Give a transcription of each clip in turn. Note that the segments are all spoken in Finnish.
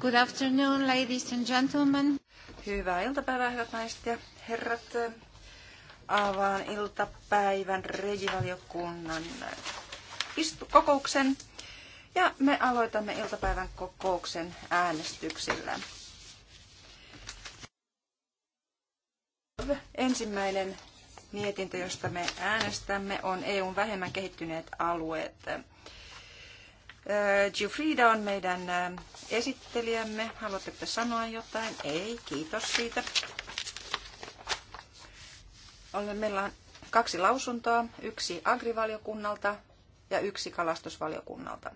Good afternoon, ladies and gentlemen. Hyvää iltapäivää, hyvät naiset ja herrat. Avaan iltapäivän regivaliokunnan istu- kokouksen. Ja me aloitamme iltapäivän kokouksen äänestyksillä. Ensimmäinen mietintö, josta me äänestämme, on EUn vähemmän kehittyneet alueet. Äh, Giuffrida on meidän äh, esittelijämme. Haluatteko sanoa jotain? Ei, kiitos siitä. Olemme, meillä on kaksi lausuntoa, yksi agrivaliokunnalta ja yksi kalastusvaliokunnalta.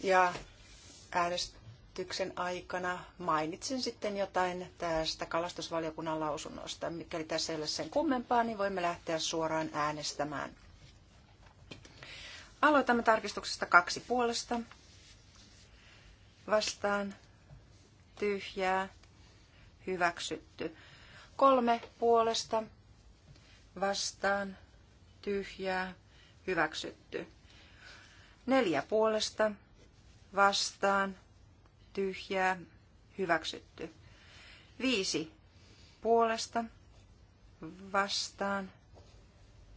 Ja äänestä esityksen aikana mainitsin sitten jotain tästä kalastusvaliokunnan lausunnosta. Mikäli tässä ei ole sen kummempaa, niin voimme lähteä suoraan äänestämään. Aloitamme tarkistuksesta kaksi puolesta. Vastaan tyhjää, hyväksytty. Kolme puolesta vastaan tyhjää, hyväksytty. Neljä puolesta vastaan tyhjää, hyväksytty. Viisi puolesta, vastaan,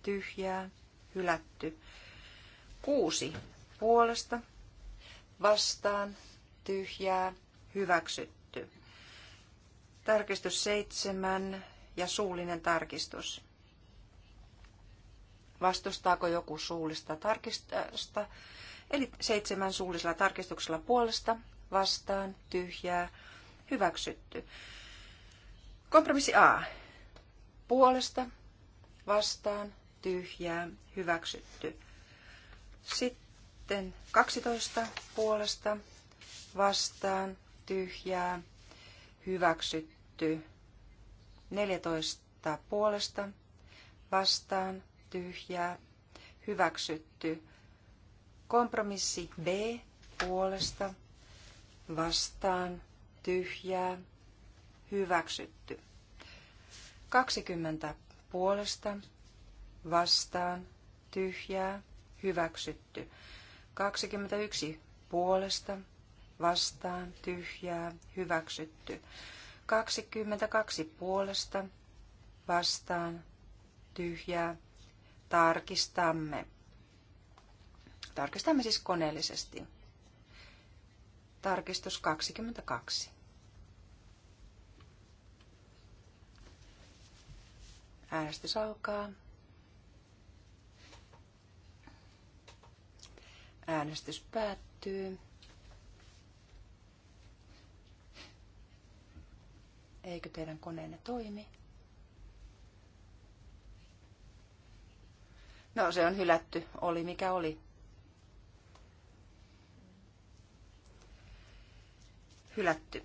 tyhjää, hylätty. Kuusi puolesta, vastaan, tyhjää, hyväksytty. Tarkistus seitsemän ja suullinen tarkistus. Vastustaako joku suullista tarkistusta? Eli seitsemän suullisella tarkistuksella puolesta vastaan, tyhjää, hyväksytty. Kompromissi A. Puolesta, vastaan, tyhjää, hyväksytty. Sitten 12 puolesta, vastaan, tyhjää, hyväksytty. 14 puolesta, vastaan, tyhjää, hyväksytty. Kompromissi B puolesta, vastaan, tyhjää, hyväksytty. 20 puolesta, vastaan, tyhjää, hyväksytty. 21 puolesta, vastaan, tyhjää, hyväksytty. 22 puolesta, vastaan, tyhjää, tarkistamme. Tarkistamme siis koneellisesti. Tarkistus 22. Äänestys alkaa. Äänestys päättyy. Eikö teidän koneenne toimi? No se on hylätty, oli mikä oli. Hylätty.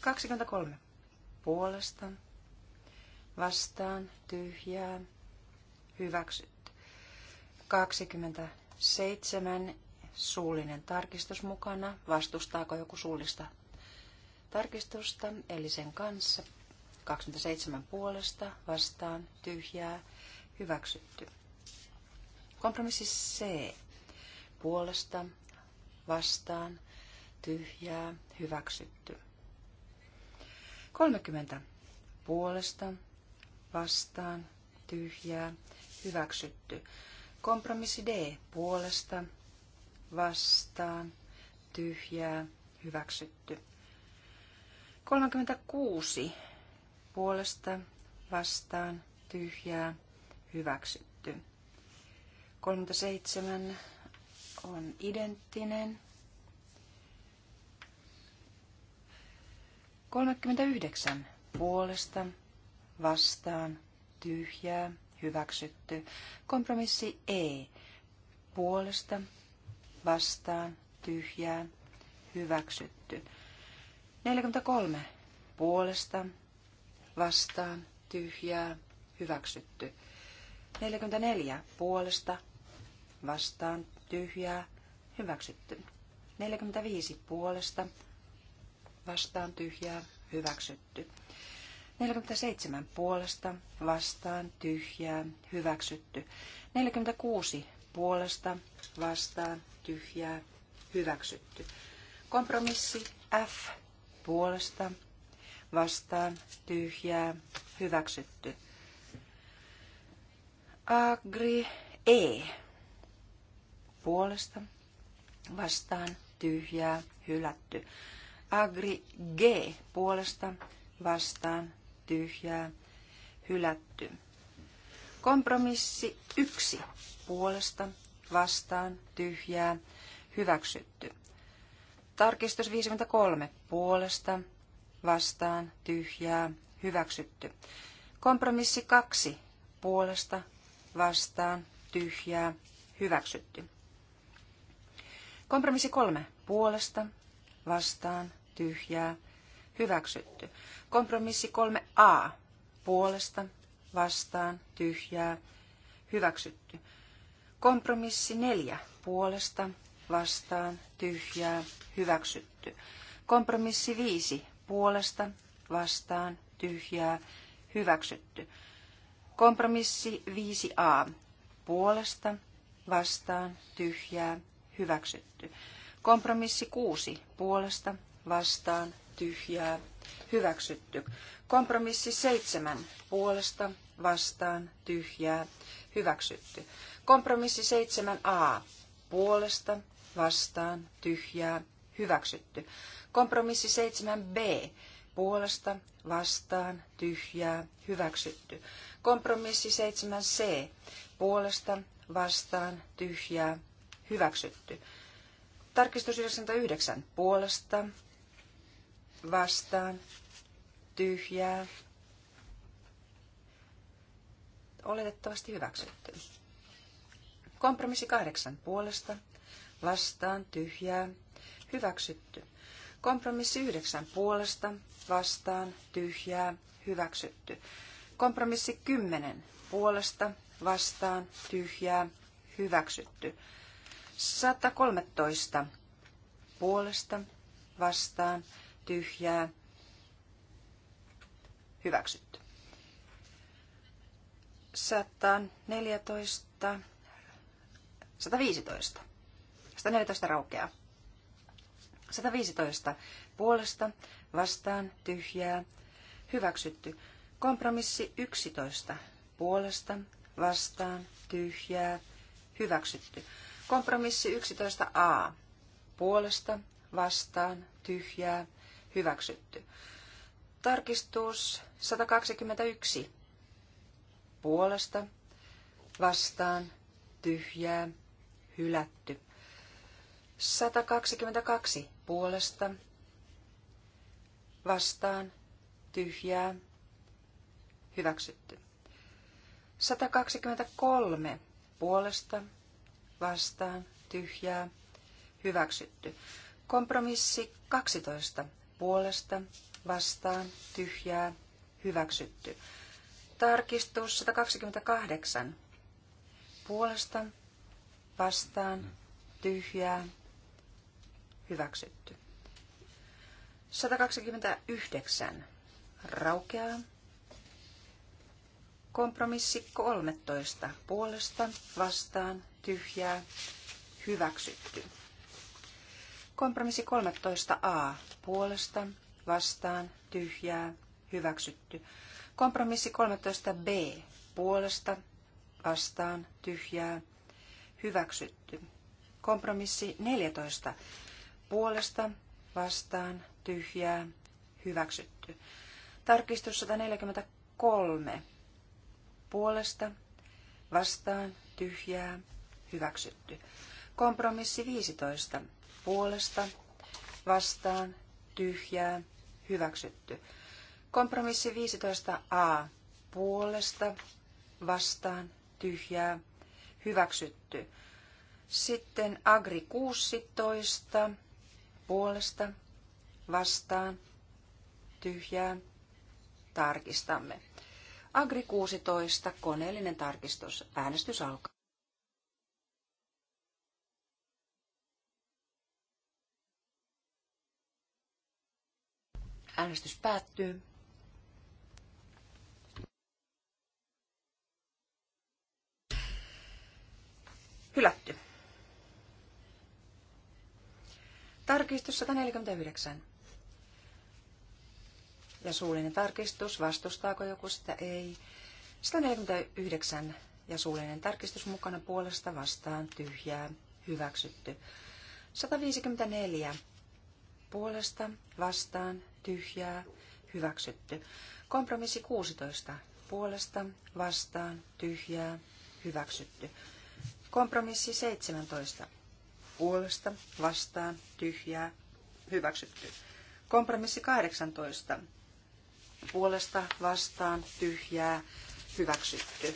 23. Puolesta. Vastaan. Tyhjää. Hyväksytty. 27. Suullinen tarkistus mukana. Vastustaako joku suullista tarkistusta? Eli sen kanssa. 27 puolesta. Vastaan. Tyhjää. Hyväksytty. Kompromissi C. Puolesta. Vastaan tyhjää, hyväksytty. 30 puolesta, vastaan, tyhjää, hyväksytty. Kompromissi D puolesta, vastaan, tyhjää, hyväksytty. 36 puolesta, vastaan, tyhjää, hyväksytty. 37 on identtinen 39 puolesta, vastaan, tyhjää, hyväksytty. Kompromissi E puolesta, vastaan, tyhjää, hyväksytty. 43 puolesta, vastaan, tyhjää, hyväksytty. 44 puolesta, vastaan, tyhjää, hyväksytty. 45 puolesta, vastaan tyhjää hyväksytty. 47 puolesta vastaan tyhjää hyväksytty. 46 puolesta vastaan tyhjää hyväksytty. Kompromissi F puolesta vastaan tyhjää hyväksytty. Agri E puolesta vastaan tyhjää hylätty. Agri G puolesta vastaan tyhjää hylätty. Kompromissi 1 puolesta vastaan tyhjää hyväksytty. Tarkistus 53 puolesta vastaan tyhjää hyväksytty. Kompromissi 2 puolesta vastaan tyhjää hyväksytty. Kompromissi 3 puolesta vastaan tyhjää, hyväksytty. Kompromissi 3a, puolesta, vastaan, tyhjää, hyväksytty. Kompromissi 4, puolesta, vastaan, tyhjää, hyväksytty. Kompromissi 5, puolesta, vastaan, tyhjää, hyväksytty. Kompromissi 5a, puolesta, vastaan, tyhjää, hyväksytty. Kompromissi 6, puolesta, vastaan tyhjää hyväksytty. Kompromissi seitsemän puolesta vastaan tyhjää hyväksytty. Kompromissi seitsemän a puolesta vastaan tyhjää hyväksytty. Kompromissi seitsemän b puolesta vastaan tyhjää hyväksytty. Kompromissi seitsemän c puolesta vastaan tyhjää hyväksytty. Tarkistus 99 puolesta vastaan, tyhjää, oletettavasti hyväksytty. Kompromissi kahdeksan puolesta, vastaan, tyhjää, hyväksytty. Kompromissi yhdeksän puolesta, vastaan, tyhjää, hyväksytty. Kompromissi kymmenen puolesta, vastaan, tyhjää, hyväksytty. 113 puolesta, vastaan, tyhjää, hyväksytty. 114, 115, 114 raukeaa. 115 puolesta, vastaan, tyhjää, hyväksytty. Kompromissi 11 puolesta, vastaan, tyhjää, hyväksytty. Kompromissi 11a puolesta, vastaan, tyhjää, hyväksytty. Tarkistus 121 puolesta vastaan tyhjää hylätty. 122 puolesta vastaan tyhjää hyväksytty. 123 puolesta vastaan tyhjää hyväksytty. Kompromissi 12 puolesta, vastaan, tyhjää, hyväksytty. Tarkistus 128. Puolesta, vastaan, tyhjää, hyväksytty. 129. Raukeaa. Kompromissi 13. Puolesta, vastaan, tyhjää, hyväksytty. Kompromissi 13a. Puolesta, vastaan, tyhjää, hyväksytty. Kompromissi 13b. Puolesta, vastaan, tyhjää, hyväksytty. Kompromissi 14. Puolesta, vastaan, tyhjää, hyväksytty. Tarkistus 143. Puolesta, vastaan, tyhjää, hyväksytty. Kompromissi 15 puolesta vastaan tyhjää hyväksytty. Kompromissi 15a puolesta vastaan tyhjää hyväksytty. Sitten Agri 16 puolesta vastaan tyhjää tarkistamme. Agri 16 koneellinen tarkistus. Äänestys alkaa. Äänestys päättyy. Hylätty. Tarkistus 149. Ja suullinen tarkistus, vastustaako joku sitä? Ei. 149 ja suullinen tarkistus mukana puolesta vastaan tyhjää, hyväksytty. 154 puolesta vastaan tyhjää, hyväksytty. Kompromissi 16, puolesta, vastaan, tyhjää, hyväksytty. Kompromissi 17, puolesta, vastaan, tyhjää, hyväksytty. Kompromissi 18, puolesta, vastaan, tyhjää, hyväksytty.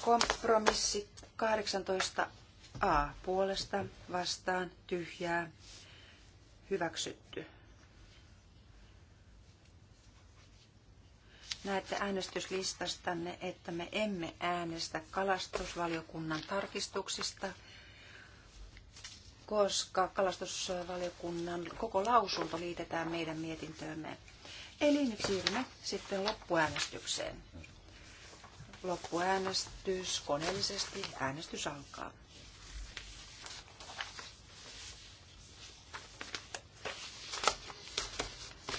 Kompromissi 18a, puolesta, vastaan, tyhjää, hyväksytty. Näette äänestyslistastanne, että me emme äänestä kalastusvaliokunnan tarkistuksista, koska kalastusvaliokunnan koko lausunto liitetään meidän mietintöömme. Eli nyt siirrymme sitten loppuäänestykseen. Loppuäänestys koneellisesti. Äänestys alkaa.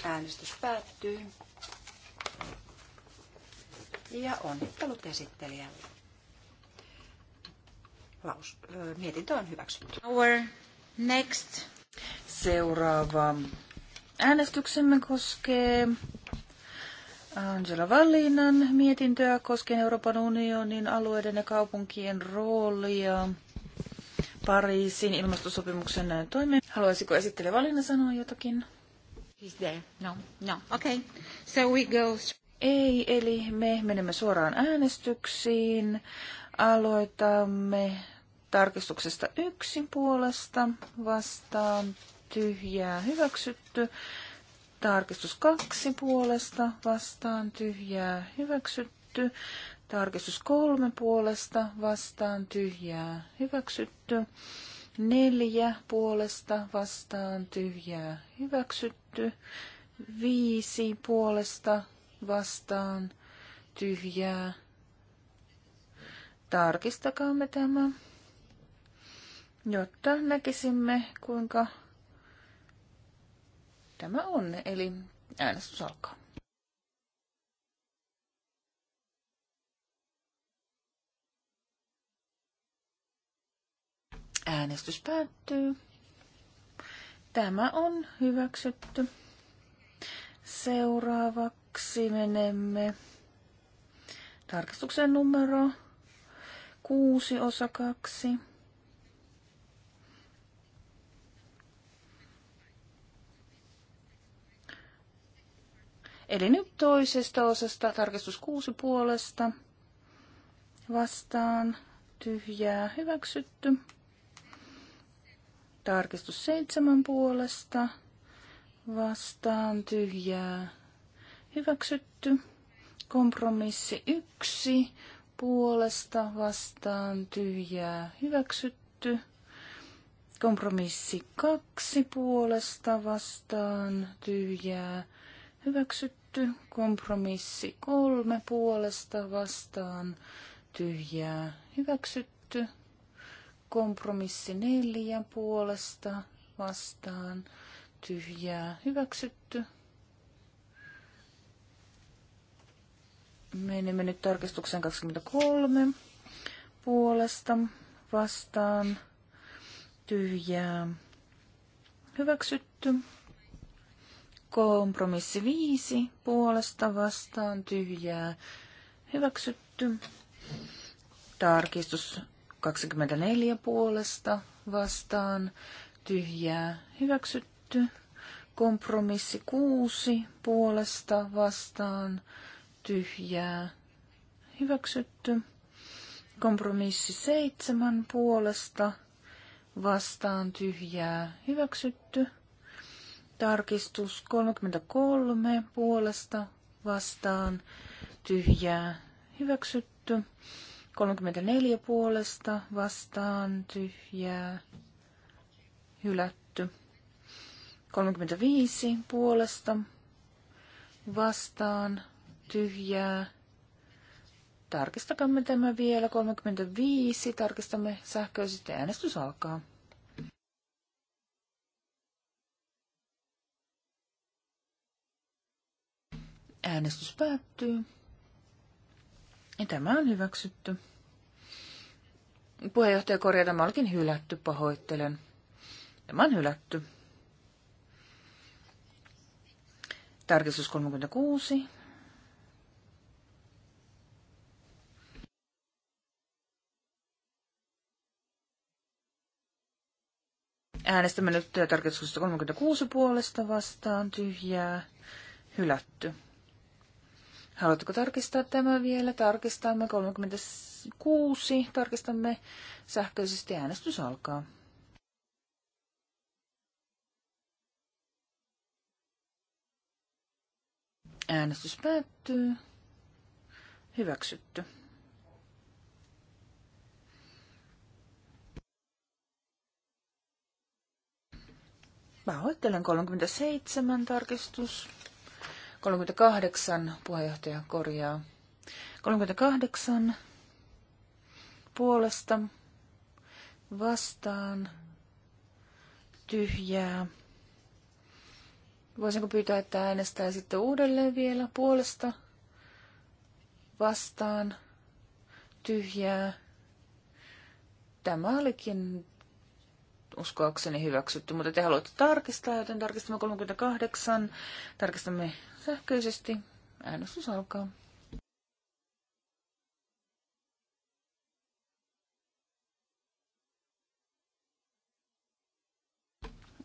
Äänestys päättyy ja onnittelut esittelijälle. Laus, mietintö on hyväksytty. Our next. Seuraava äänestyksemme koskee Angela Vallinan mietintöä koskien Euroopan unionin alueiden ja kaupunkien roolia Pariisin ilmastosopimuksen toimeen. Haluaisiko esittelijä Vallina sanoa jotakin? Is there? No, no. Okay. So we go ei, eli me menemme suoraan äänestyksiin. Aloitamme tarkistuksesta yksi puolesta vastaan tyhjää hyväksytty. Tarkistus kaksi puolesta vastaan tyhjää hyväksytty. Tarkistus kolme puolesta vastaan tyhjää hyväksytty. Neljä puolesta vastaan tyhjää hyväksytty. Viisi puolesta vastaan tyhjää. Tarkistakaamme tämä, jotta näkisimme kuinka tämä on. Eli äänestys alkaa. Äänestys päättyy. Tämä on hyväksytty. Seuraavaksi kaksi menemme tarkastuksen numero 6 osa 2. Eli nyt toisesta osasta tarkistus kuusi puolesta vastaan tyhjää hyväksytty. Tarkistus seitsemän puolesta vastaan tyhjää hyväksytty. Kompromissi yksi puolesta vastaan tyhjää hyväksytty. Kompromissi kaksi puolesta vastaan tyhjää hyväksytty. Kompromissi kolme puolesta vastaan tyhjää hyväksytty. Kompromissi neljä puolesta vastaan tyhjää hyväksytty. Menemme nyt tarkistukseen 23 puolesta vastaan tyhjää hyväksytty. Kompromissi 5 puolesta vastaan tyhjää hyväksytty. Tarkistus 24 puolesta vastaan tyhjää hyväksytty. Kompromissi 6 puolesta vastaan tyhjää hyväksytty. Kompromissi seitsemän puolesta vastaan tyhjää hyväksytty. Tarkistus 33 puolesta vastaan tyhjää hyväksytty. 34 puolesta vastaan tyhjää hylätty. 35 puolesta vastaan tyhjää. Tarkistakamme tämä vielä. 35. Tarkistamme sähköisesti. Äänestys alkaa. Äänestys päättyy. Ja tämä on hyväksytty. Puheenjohtaja korjaa, tämä olikin hylätty, pahoittelen. Tämä on hylätty. Tarkistus 36. Äänestämme nyt tarkistuksesta 36 puolesta vastaan tyhjää hylätty. Haluatteko tarkistaa tämä vielä? Tarkistamme 36. Tarkistamme sähköisesti. Äänestys alkaa. Äänestys päättyy. Hyväksytty. hoittelen 37 tarkistus. 38 puheenjohtaja korjaa. 38 puolesta vastaan tyhjää. Voisinko pyytää, että äänestää sitten uudelleen vielä puolesta vastaan tyhjää. Tämä olikin uskoakseni hyväksytty, mutta te haluatte tarkistaa, joten tarkistamme 38. Tarkistamme sähköisesti. Äänestys alkaa.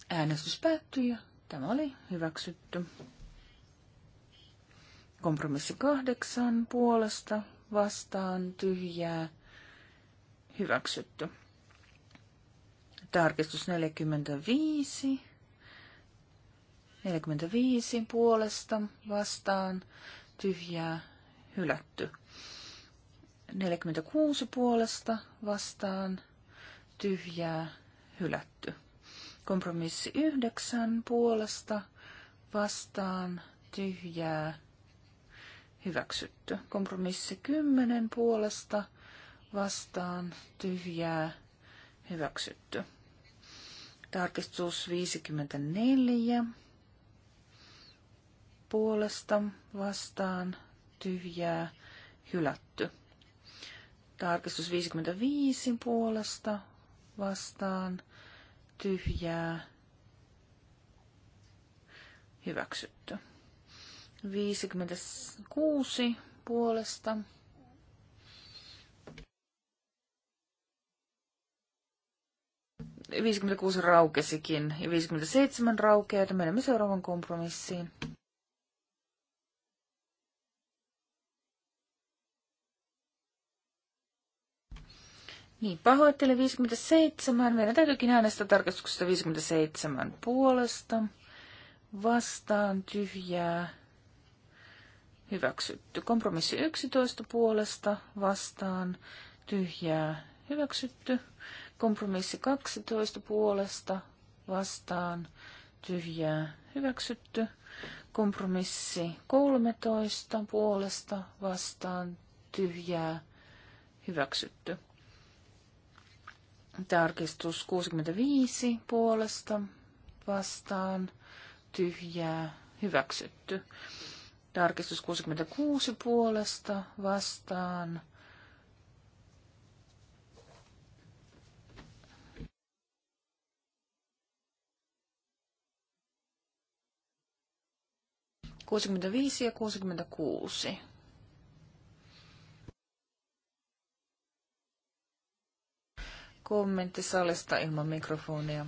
Äänestys päättyi ja tämä oli hyväksytty. Kompromissi kahdeksan puolesta vastaan tyhjää hyväksytty. Tarkistus 45. 45 puolesta vastaan tyhjää hylätty. 46 puolesta vastaan tyhjää hylätty. Kompromissi 9 puolesta vastaan tyhjää hyväksytty. Kompromissi 10 puolesta vastaan tyhjää hyväksytty. Tarkistus 54 puolesta vastaan tyhjää hylätty. Tarkistus 55 puolesta vastaan tyhjää hyväksytty. 56 puolesta 56 raukesikin ja 57 raukeaa, että menemme seuraavan kompromissiin. Niin, pahoittelen 57. Meidän täytyykin äänestää tarkastuksesta 57 puolesta. Vastaan tyhjää. Hyväksytty. Kompromissi 11 puolesta. Vastaan tyhjää. Hyväksytty. Kompromissi 12 puolesta vastaan tyhjää hyväksytty. Kompromissi 13 puolesta vastaan tyhjää hyväksytty. Tarkistus 65 puolesta vastaan tyhjää hyväksytty. Tarkistus 66 puolesta vastaan 65 ja 66. Kommentti salista ilman mikrofonia.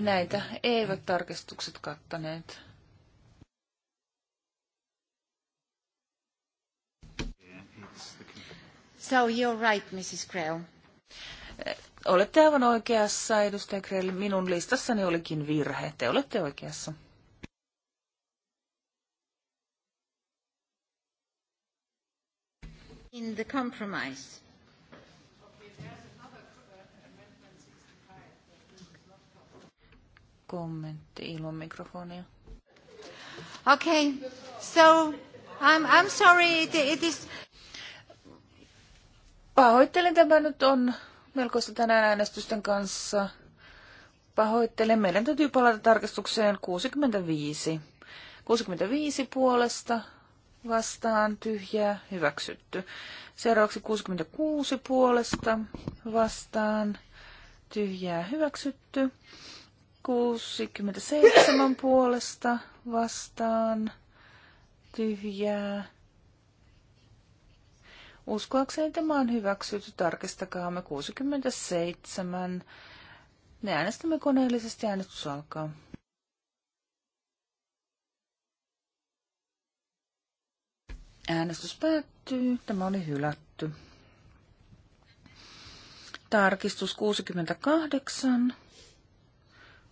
Näitä eivät tarkistukset kattaneet. So you're right, Mrs. Krell. Olette aivan oikeassa, edustaja Krell. Minun listassani olikin virhe. Te olette oikeassa. In the compromise. Kommentti ilman mikrofonia. Okay, so I'm, I'm sorry, it, it is... Pahoittelen, tämä nyt on melkoista tänään äänestysten kanssa. Pahoittelen, meidän täytyy palata tarkistukseen 65. 65 puolesta vastaan tyhjää hyväksytty. Seuraavaksi 66 puolesta vastaan tyhjää hyväksytty. 67 puolesta vastaan tyhjää. Uskoakseni tämä on hyväksytty. Tarkistakaamme 67. Ne äänestämme koneellisesti. Äänestys alkaa. Äänestys päättyy. Tämä oli hylätty. Tarkistus 68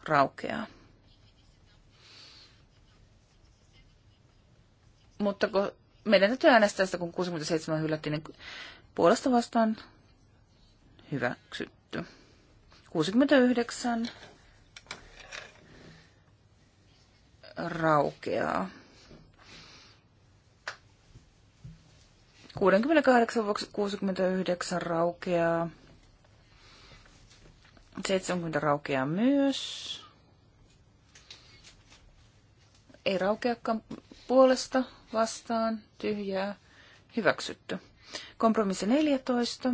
raukeaa. Mutta kun meidän täytyy äänestää sitä, kun 67 hylättiin, niin puolesta vastaan hyväksytty. 69 raukeaa. 68 69 raukeaa. 70 raukeaa myös. Ei raukeakaan puolesta vastaan tyhjää hyväksytty. Kompromissi 14.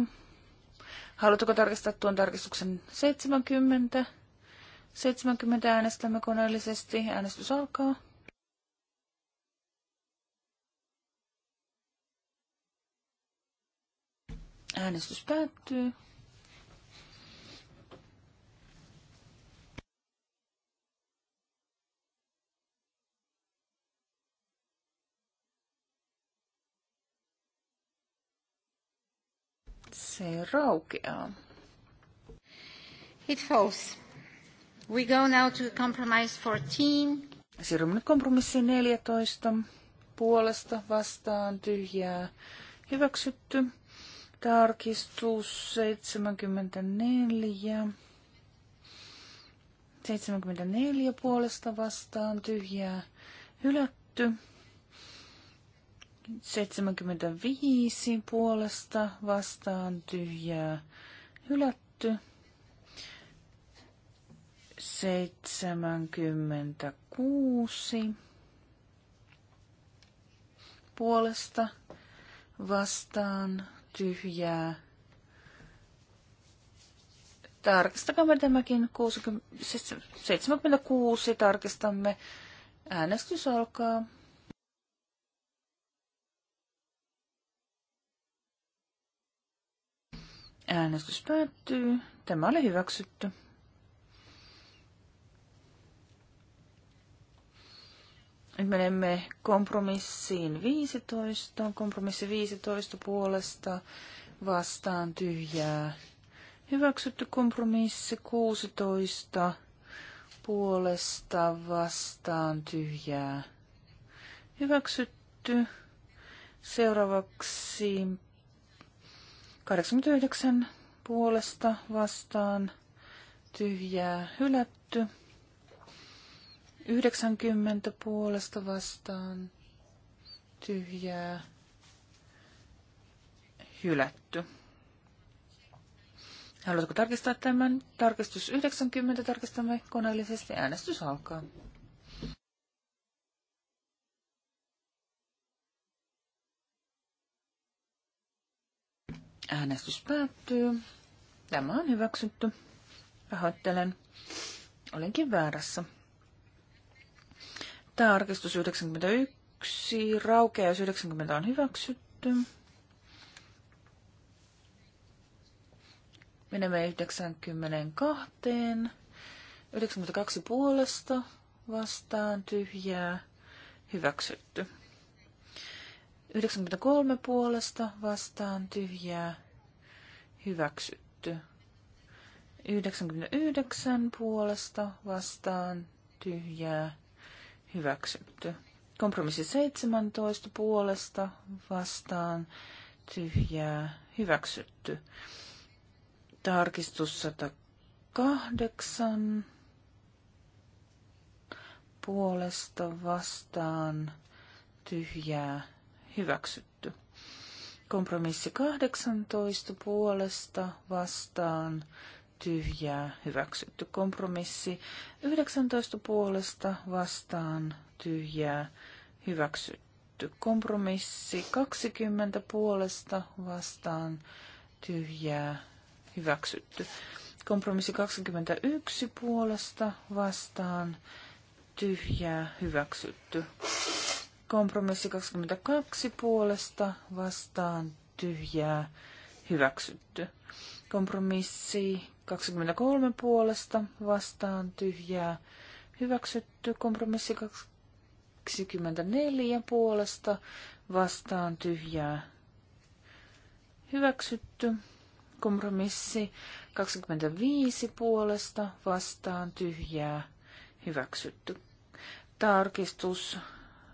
Haluatteko tarkistaa tuon tarkistuksen 70? 70 äänestämme koneellisesti. Äänestys alkaa. Äänestys päättyy. Se raukeaa. It falls. We go now to compromise 14. Siirrymme nyt kompromissiin 14. Puolesta vastaan tyhjää hyväksytty. Tarkistus 74. 74 puolesta vastaan tyhjää hylätty. 75 puolesta vastaan tyhjää hylätty. 76 puolesta vastaan tyhjää. Tarkistakaa tämäkin 76, siis tarkistamme. Äänestys alkaa. Äänestys päättyy. Tämä oli hyväksytty. menemme kompromissiin 15. Kompromissi 15 puolesta vastaan tyhjää. Hyväksytty kompromissi 16 puolesta vastaan tyhjää. Hyväksytty. Seuraavaksi 89 puolesta vastaan tyhjää hylätty. 90 puolesta vastaan tyhjää hylätty. Haluatko tarkistaa tämän? Tarkistus 90 tarkistamme koneellisesti. Äänestys alkaa. Äänestys päättyy. Tämä on hyväksytty. Pahoittelen. Olenkin väärässä. Tarkistus 91, raukeus 90 on hyväksytty. Menemme 92. 92 puolesta vastaan tyhjää hyväksytty. 93 puolesta vastaan tyhjää hyväksytty. 99 puolesta vastaan tyhjää hyväksytty. Kompromissi 17 puolesta vastaan tyhjää hyväksytty. Tarkistus 108 puolesta vastaan tyhjää hyväksytty. Kompromissi 18 puolesta vastaan tyhjää, hyväksytty kompromissi. 19 puolesta vastaan tyhjää, hyväksytty kompromissi. 20 puolesta vastaan tyhjää, hyväksytty. Kompromissi 21 puolesta vastaan tyhjää, hyväksytty. Kompromissi 22 puolesta vastaan tyhjää, hyväksytty. Kompromissi 23 puolesta vastaan tyhjää hyväksytty. Kompromissi 24 puolesta vastaan tyhjää hyväksytty. Kompromissi 25 puolesta vastaan tyhjää hyväksytty. Tarkistus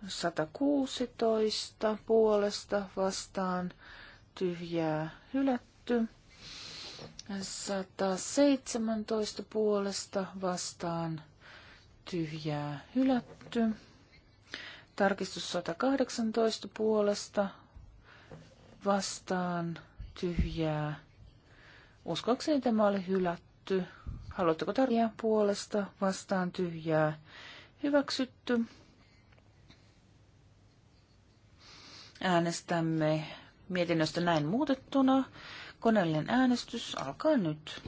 116 puolesta vastaan tyhjää hylätty. 117 puolesta vastaan tyhjää hylätty. Tarkistus 118 puolesta vastaan tyhjää. Uskoakseni tämä oli hylätty. Haluatteko tarjaa puolesta vastaan tyhjää? Hyväksytty. Äänestämme mietinnöstä näin muutettuna. Koneellinen äänestys alkaa nyt.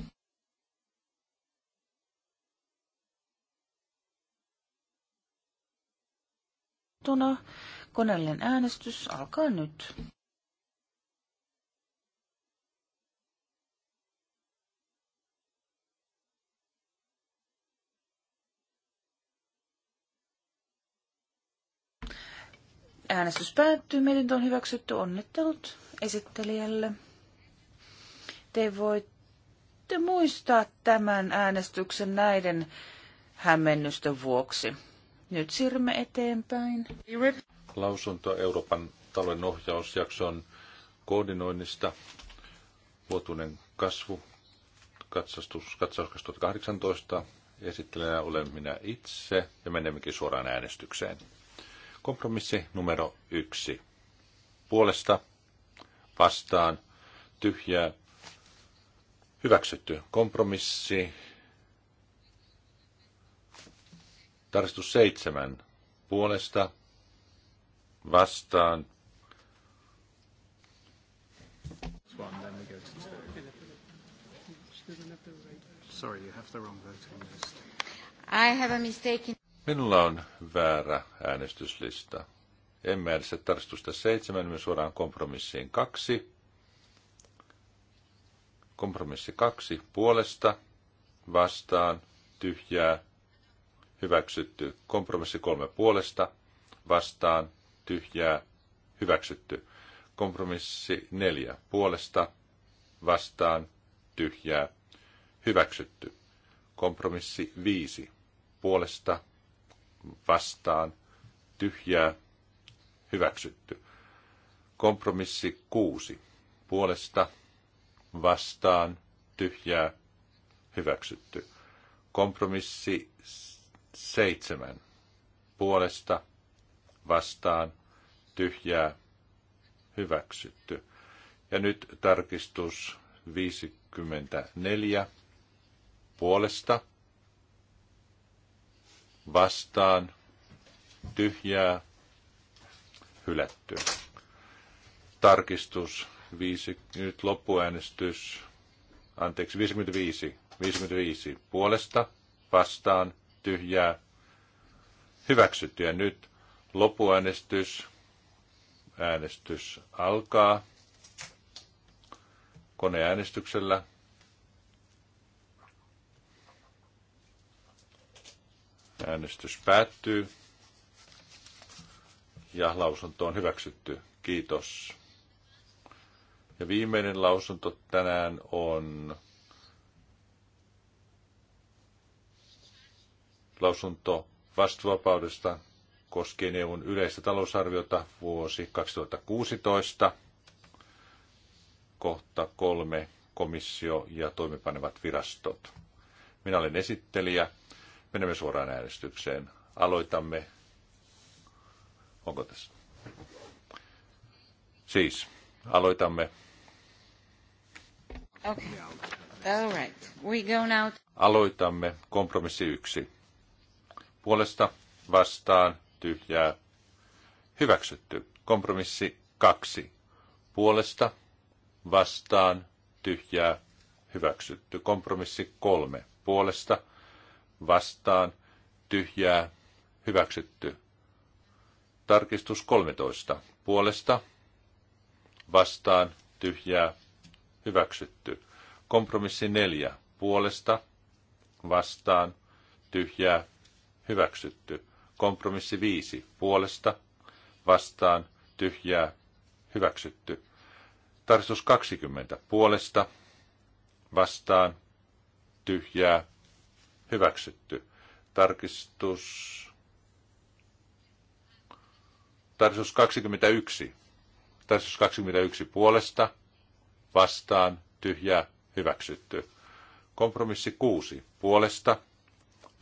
Tuna. Koneellinen äänestys alkaa nyt. Äänestys päättyy. Mietintö on hyväksytty. Onnittelut esittelijälle te voitte muistaa tämän äänestyksen näiden hämmennysten vuoksi. Nyt siirrymme eteenpäin. Lausunto Euroopan talouden ohjausjakson koordinoinnista. Vuotuinen kasvu, katsastus, katsaus 2018. Esittelenä olen minä itse ja menemmekin suoraan äänestykseen. Kompromissi numero yksi. Puolesta, vastaan, tyhjää, Hyväksytty. Kompromissi. Tarkistus seitsemän. Puolesta. Vastaan. Minulla on väärä äänestyslista. Emme äänestä tarkistusta seitsemän, me suoraan kompromissiin kaksi. Kompromissi kaksi puolesta vastaan tyhjää hyväksytty. Kompromissi kolme puolesta vastaan tyhjää hyväksytty. Kompromissi neljä puolesta vastaan tyhjää hyväksytty. Kompromissi viisi puolesta vastaan tyhjää hyväksytty. Kompromissi kuusi puolesta vastaan, tyhjää, hyväksytty. Kompromissi seitsemän, puolesta, vastaan, tyhjää, hyväksytty. Ja nyt tarkistus 54, puolesta, vastaan, tyhjää, hylätty. Tarkistus 5, nyt loppuäänestys, anteeksi, 55, 55 puolesta, vastaan, tyhjää, hyväksytty. Ja nyt loppuäänestys, äänestys alkaa koneäänestyksellä. Äänestys päättyy ja lausunto on hyväksytty. Kiitos. Ja viimeinen lausunto tänään on lausunto vastuvapaudesta koskien EUn yleistä talousarviota vuosi 2016, kohta kolme, komissio ja toimipanevat virastot. Minä olen esittelijä. Menemme suoraan äänestykseen. Aloitamme. Onko tässä? Siis, aloitamme Okay. All right. We go now. Aloitamme kompromissi yksi. Puolesta vastaan tyhjää hyväksytty. Kompromissi kaksi. Puolesta vastaan tyhjää hyväksytty. Kompromissi kolme. Puolesta vastaan tyhjää hyväksytty. Tarkistus 13. Puolesta vastaan tyhjää hyväksytty. Kompromissi neljä puolesta, vastaan, tyhjää, hyväksytty. Kompromissi viisi puolesta, vastaan, tyhjää, hyväksytty. Tarkistus 20 puolesta, vastaan, tyhjää, hyväksytty. Tarkistus, tarkistus 21. Tarkistus 21 puolesta, vastaan, tyhjä hyväksytty. Kompromissi kuusi puolesta,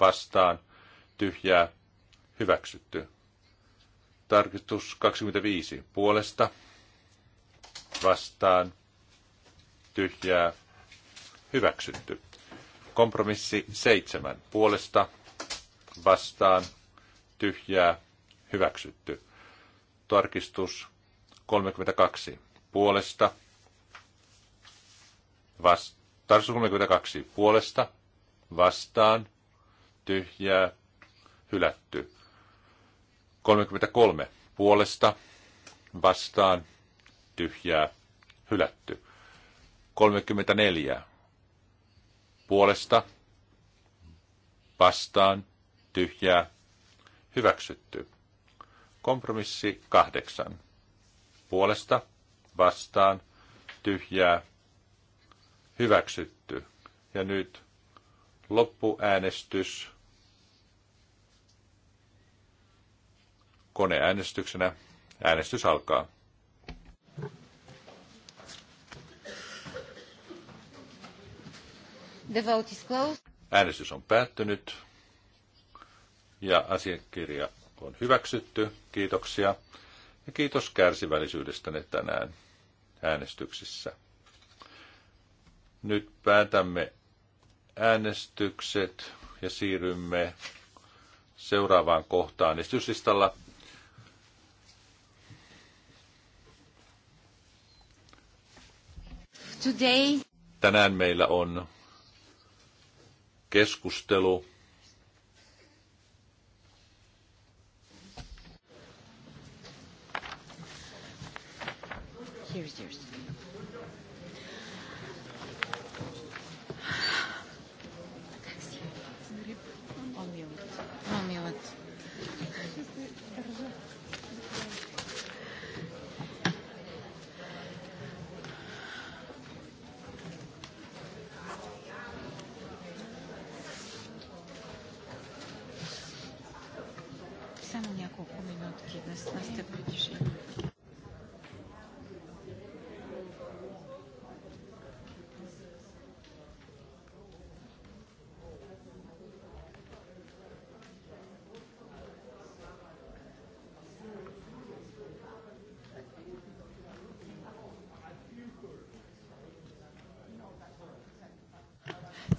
vastaan, tyhjää, hyväksytty. Tarkistus 25, puolesta, vastaan, tyhjää, hyväksytty. Kompromissi 7, puolesta, vastaan, tyhjää, hyväksytty. Tarkistus 32, puolesta, vast, 32 puolesta, vastaan, tyhjää, hylätty. 33 puolesta, vastaan, tyhjää, hylätty. 34 puolesta, vastaan, tyhjää, hyväksytty. Kompromissi kahdeksan. Puolesta, vastaan, tyhjää, Hyväksytty. Ja nyt loppuäänestys koneäänestyksenä. Äänestys alkaa. The vote is closed. Äänestys on päättynyt ja asiakirja on hyväksytty. Kiitoksia ja kiitos kärsivällisyydestänne tänään äänestyksissä. Nyt päätämme äänestykset ja siirrymme seuraavaan kohtaan esityslistalla. Today. Tänään meillä on keskustelu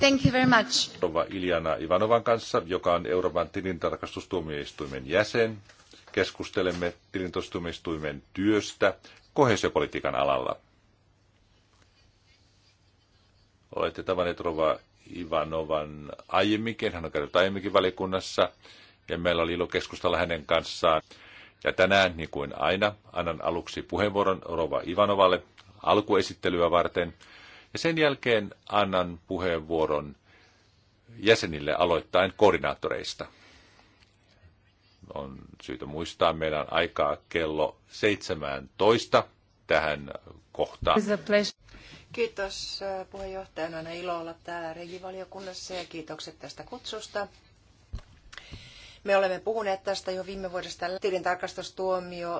Thank you very much. Iljana Ivanovan kanssa, joka on Euroopan tilintarkastustuomioistuimen jäsen. Keskustelemme tilintarkastustuomioistuimen työstä kohesiopolitiikan alalla. Olette tavanneet Rova Ivanovan aiemminkin, hän on käynyt aiemminkin valikunnassa ja meillä oli ilo keskustella hänen kanssaan. Ja tänään, niin kuin aina, annan aluksi puheenvuoron Rova Ivanovalle alkuesittelyä varten – ja sen jälkeen annan puheenvuoron jäsenille aloittain koordinaattoreista. On syytä muistaa, meillä on aikaa kello 17 tähän kohtaan. Kiitos äh, puheenjohtajana. On ilo olla täällä regivaliokunnassa ja kiitokset tästä kutsusta. Me olemme puhuneet tästä jo viime vuodesta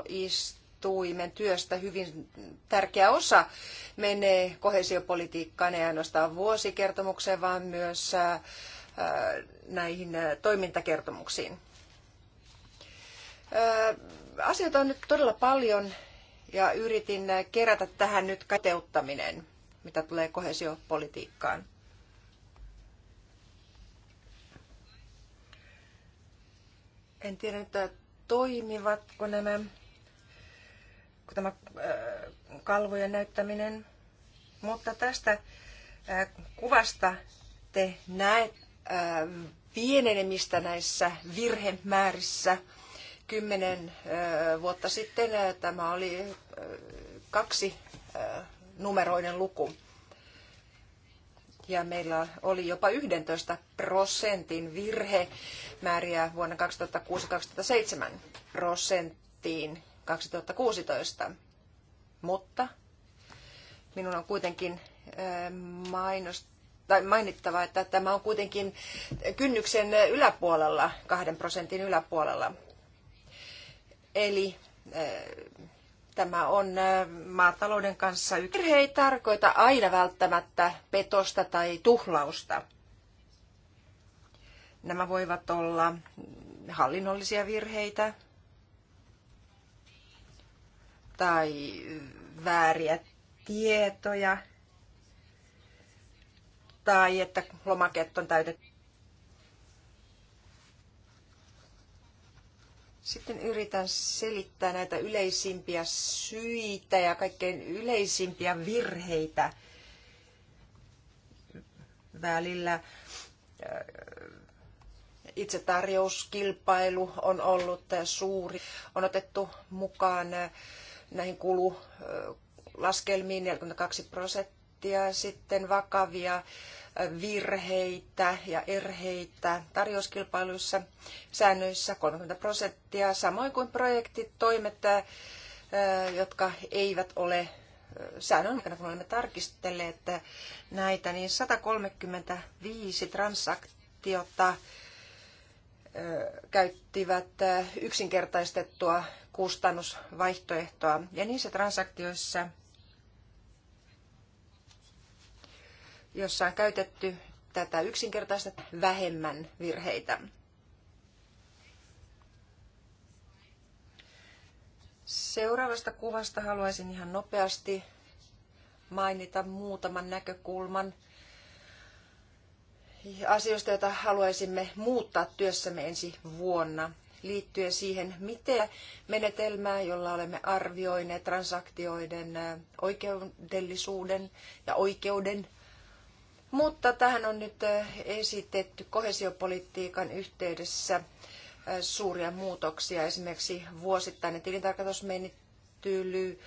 istu tuimen työstä hyvin tärkeä osa menee kohesiopolitiikkaan, ei ainoastaan vuosikertomukseen, vaan myös äh, äh, näihin äh, toimintakertomuksiin. Asioita on nyt todella paljon ja yritin kerätä tähän nyt kateuttaminen, mitä tulee kohesiopolitiikkaan. En tiedä, toimivatko nämä tämä äh, kalvojen näyttäminen. Mutta tästä äh, kuvasta te näet äh, pienenemistä näissä virhemäärissä. Kymmenen vuotta sitten tämä oli kaksi numeroinen luku. Ja meillä oli jopa 11 prosentin virhemääriä vuonna 2006-2007 prosenttiin 2016. Mutta minun on kuitenkin mainost, tai mainittava, että tämä on kuitenkin kynnyksen yläpuolella, kahden prosentin yläpuolella. Eli tämä on maatalouden kanssa. Perhe ei tarkoita aina välttämättä petosta tai tuhlausta. Nämä voivat olla hallinnollisia virheitä, tai vääriä tietoja tai että lomaket on täytetty. Sitten yritän selittää näitä yleisimpiä syitä ja kaikkein yleisimpiä virheitä välillä. Itse tarjouskilpailu on ollut suuri. On otettu mukaan näihin kululaskelmiin 42 prosenttia, sitten vakavia virheitä ja erheitä tarjouskilpailuissa säännöissä 30 prosenttia, samoin kuin projektit, toimet, jotka eivät ole säännön aikana, kun olemme tarkistelleet näitä, niin 135 transaktiota käyttivät yksinkertaistettua kustannusvaihtoehtoa. Ja niissä transaktioissa, jossa on käytetty tätä yksinkertaistettua vähemmän virheitä. Seuraavasta kuvasta haluaisin ihan nopeasti mainita muutaman näkökulman – asioista, joita haluaisimme muuttaa työssämme ensi vuonna liittyen siihen, miten menetelmää, jolla olemme arvioineet transaktioiden oikeudellisuuden ja oikeuden. Mutta tähän on nyt esitetty kohesiopolitiikan yhteydessä suuria muutoksia, esimerkiksi vuosittainen tilintarkastusmenettely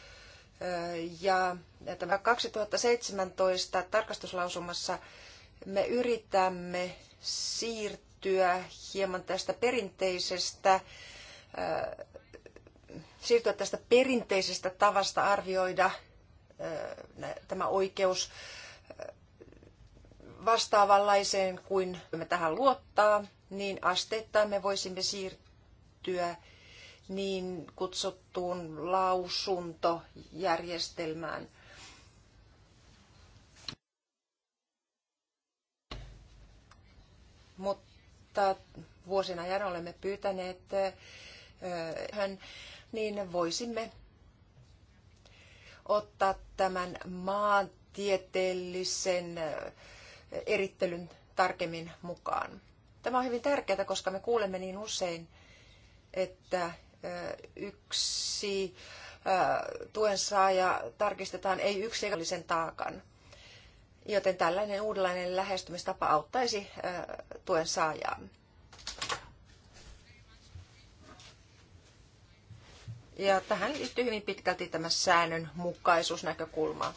ja tämä 2017 tarkastuslausumassa me yritämme siirtyä hieman tästä perinteisestä äh, siirtyä tästä perinteisestä tavasta arvioida äh, tämä oikeus äh, vastaavanlaiseen kuin me tähän luottaa, niin asteittain me voisimme siirtyä niin kutsuttuun lausuntojärjestelmään – mutta vuosina ajan olemme pyytäneet hän, niin voisimme ottaa tämän maantieteellisen erittelyn tarkemmin mukaan. Tämä on hyvin tärkeää, koska me kuulemme niin usein, että yksi tuen saaja tarkistetaan ei yksillisen taakan. Joten tällainen uudenlainen lähestymistapa auttaisi tuen saajaa. Ja tähän liittyy hyvin pitkälti tämä säännönmukaisuusnäkökulma,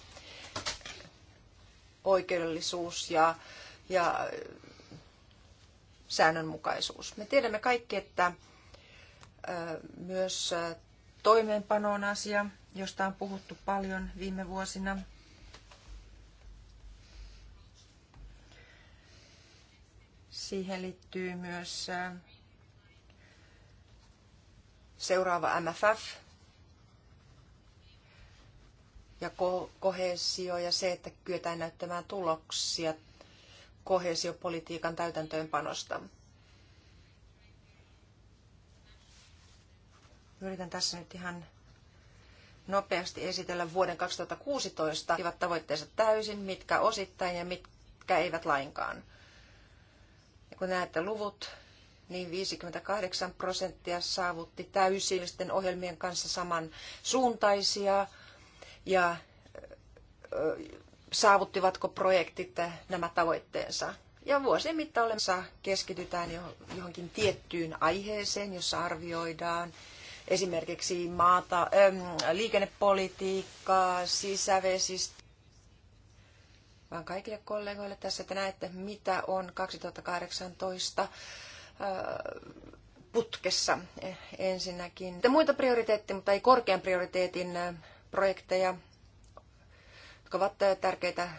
oikeudellisuus ja, ja säännönmukaisuus. Me tiedämme kaikki, että myös toimeenpano on asia, josta on puhuttu paljon viime vuosina – Siihen liittyy myös seuraava MFF ja ko- kohesio ja se, että kyetään näyttämään tuloksia kohesiopolitiikan täytäntöönpanosta. Yritän tässä nyt ihan nopeasti esitellä vuoden 2016 tavoitteensa täysin, mitkä osittain ja mitkä eivät lainkaan. Kun näette luvut, niin 58 prosenttia saavutti täysillisten ohjelmien kanssa saman suuntaisia ja saavuttivatko projektit nämä tavoitteensa. Ja vuosien saa keskitytään johonkin tiettyyn aiheeseen, jossa arvioidaan esimerkiksi maata, äm, liikennepolitiikkaa, sisävesistä, vaan kaikille kollegoille tässä, että näette, mitä on 2018 äh, putkessa ensinnäkin. Muita prioriteetti, mutta ei korkean prioriteetin äh, projekteja, jotka ovat äh, tärkeitä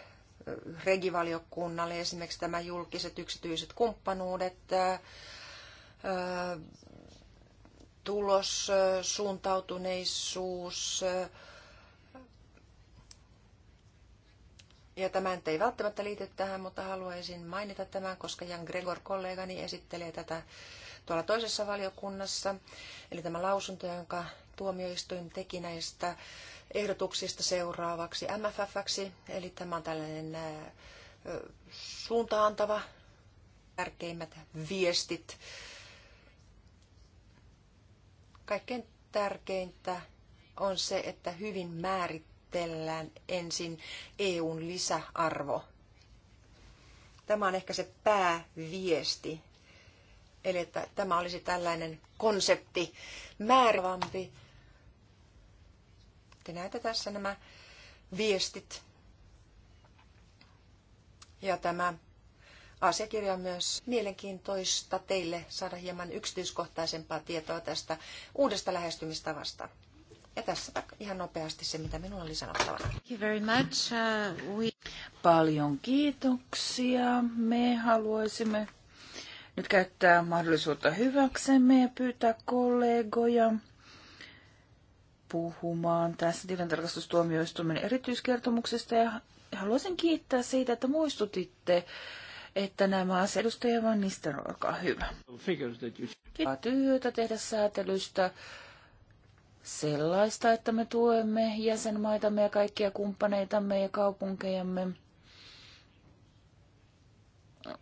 regivaliokunnalle, esimerkiksi tämä julkiset yksityiset kumppanuudet, tulossuuntautuneisuus, suuntautuneisuus, Ja tämä ei välttämättä liity tähän, mutta haluaisin mainita tämän, koska Jan Gregor kollegani esittelee tätä tuolla toisessa valiokunnassa. Eli tämä lausunto, jonka tuomioistuin teki näistä ehdotuksista seuraavaksi MFFksi. Eli tämä on tällainen äh, suuntaantava tärkeimmät viestit. Kaikkein tärkeintä on se, että hyvin määrit määritellään ensin EUn lisäarvo. Tämä on ehkä se pääviesti. Eli että tämä olisi tällainen konsepti määrävampi. Te näette tässä nämä viestit. Ja tämä asiakirja on myös mielenkiintoista teille saada hieman yksityiskohtaisempaa tietoa tästä uudesta lähestymistavasta. Ja tässäpä ihan nopeasti se, mitä minulla oli sanottavana. Thank you very much. Uh, we... Paljon kiitoksia. Me haluaisimme nyt käyttää mahdollisuutta hyväksemme ja pyytää kollegoja puhumaan tässä tilintarkastustuomioistuimen erityiskertomuksesta ja haluaisin kiittää siitä, että muistutitte, että nämä edustaja vaan niistä, olkaa hyvä. Kiitos työtä tehdä säätelystä sellaista, että me tuemme jäsenmaitamme ja kaikkia kumppaneitamme ja kaupunkejamme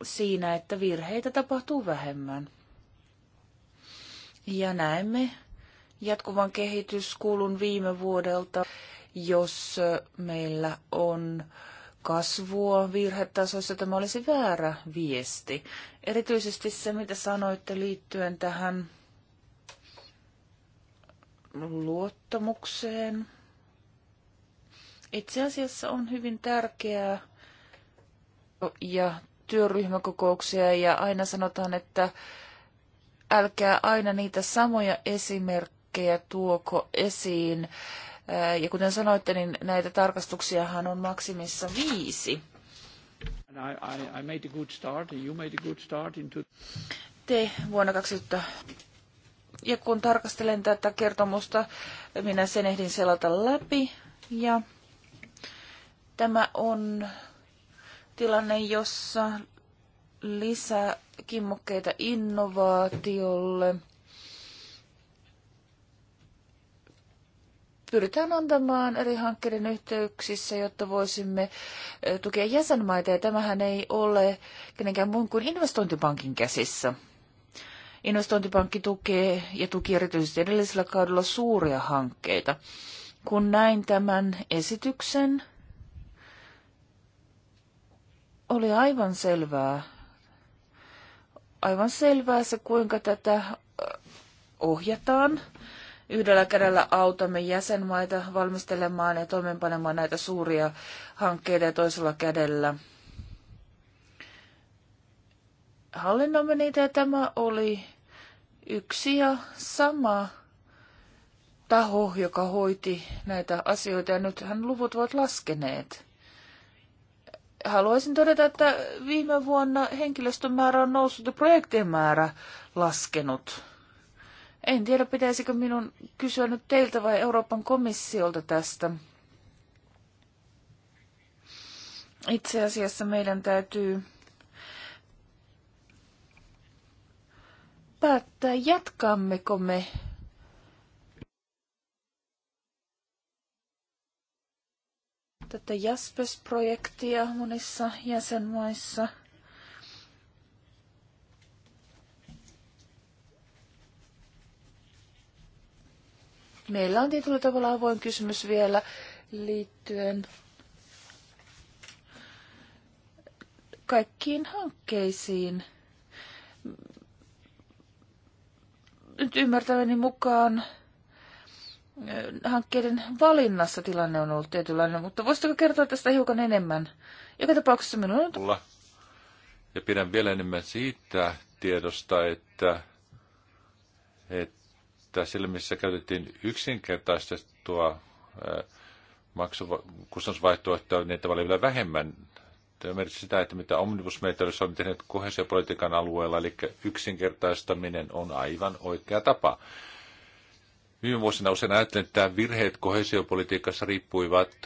siinä, että virheitä tapahtuu vähemmän. Ja näemme jatkuvan kehityskulun viime vuodelta, jos meillä on kasvua virhetasoissa. Tämä olisi väärä viesti. Erityisesti se, mitä sanoitte liittyen tähän luottamukseen. Itse asiassa on hyvin tärkeää ja työryhmäkokouksia ja aina sanotaan, että älkää aina niitä samoja esimerkkejä tuoko esiin. Ja kuten sanoitte, niin näitä tarkastuksiahan on maksimissa viisi. Te vuonna 2000 ja kun tarkastelen tätä kertomusta, minä sen ehdin selata läpi. Ja tämä on tilanne, jossa lisää kimmokkeita innovaatiolle. Pyritään antamaan eri hankkeiden yhteyksissä, jotta voisimme eh, tukea jäsenmaita, ja tämähän ei ole kenenkään muun kuin investointipankin käsissä. Investointipankki tukee ja tuki erityisesti edellisellä kaudella suuria hankkeita. Kun näin tämän esityksen, oli aivan selvää, aivan selvää se, kuinka tätä ohjataan. Yhdellä kädellä autamme jäsenmaita valmistelemaan ja toimeenpanemaan näitä suuria hankkeita ja toisella kädellä hallinnoimme niitä ja tämä oli yksi ja sama taho, joka hoiti näitä asioita, ja nythän luvut ovat laskeneet. Haluaisin todeta, että viime vuonna henkilöstön määrä on noussut ja projektien määrä laskenut. En tiedä, pitäisikö minun kysyä nyt teiltä vai Euroopan komissiolta tästä. Itse asiassa meidän täytyy päättää, jatkammeko me tätä Jaspers-projektia monissa jäsenmaissa. Meillä on tietyllä tavalla avoin kysymys vielä liittyen kaikkiin hankkeisiin nyt ymmärtäväni mukaan eh, hankkeiden valinnassa tilanne on ollut tietynlainen, mutta voisitko kertoa tästä hiukan enemmän? Joka tapauksessa minun on... Tulla. Ja pidän vielä enemmän siitä tiedosta, että, että sillä, missä käytettiin yksinkertaistettua eh, maksukustannusvaihtoehtoa, niitä oli vielä vähemmän Tämä merkitsee sitä, että mitä omnibusmenettelyssä on tehneet kohesiopolitiikan alueella, eli yksinkertaistaminen on aivan oikea tapa. Viime vuosina usein ajattelin, että virheet kohesiopolitiikassa riippuivat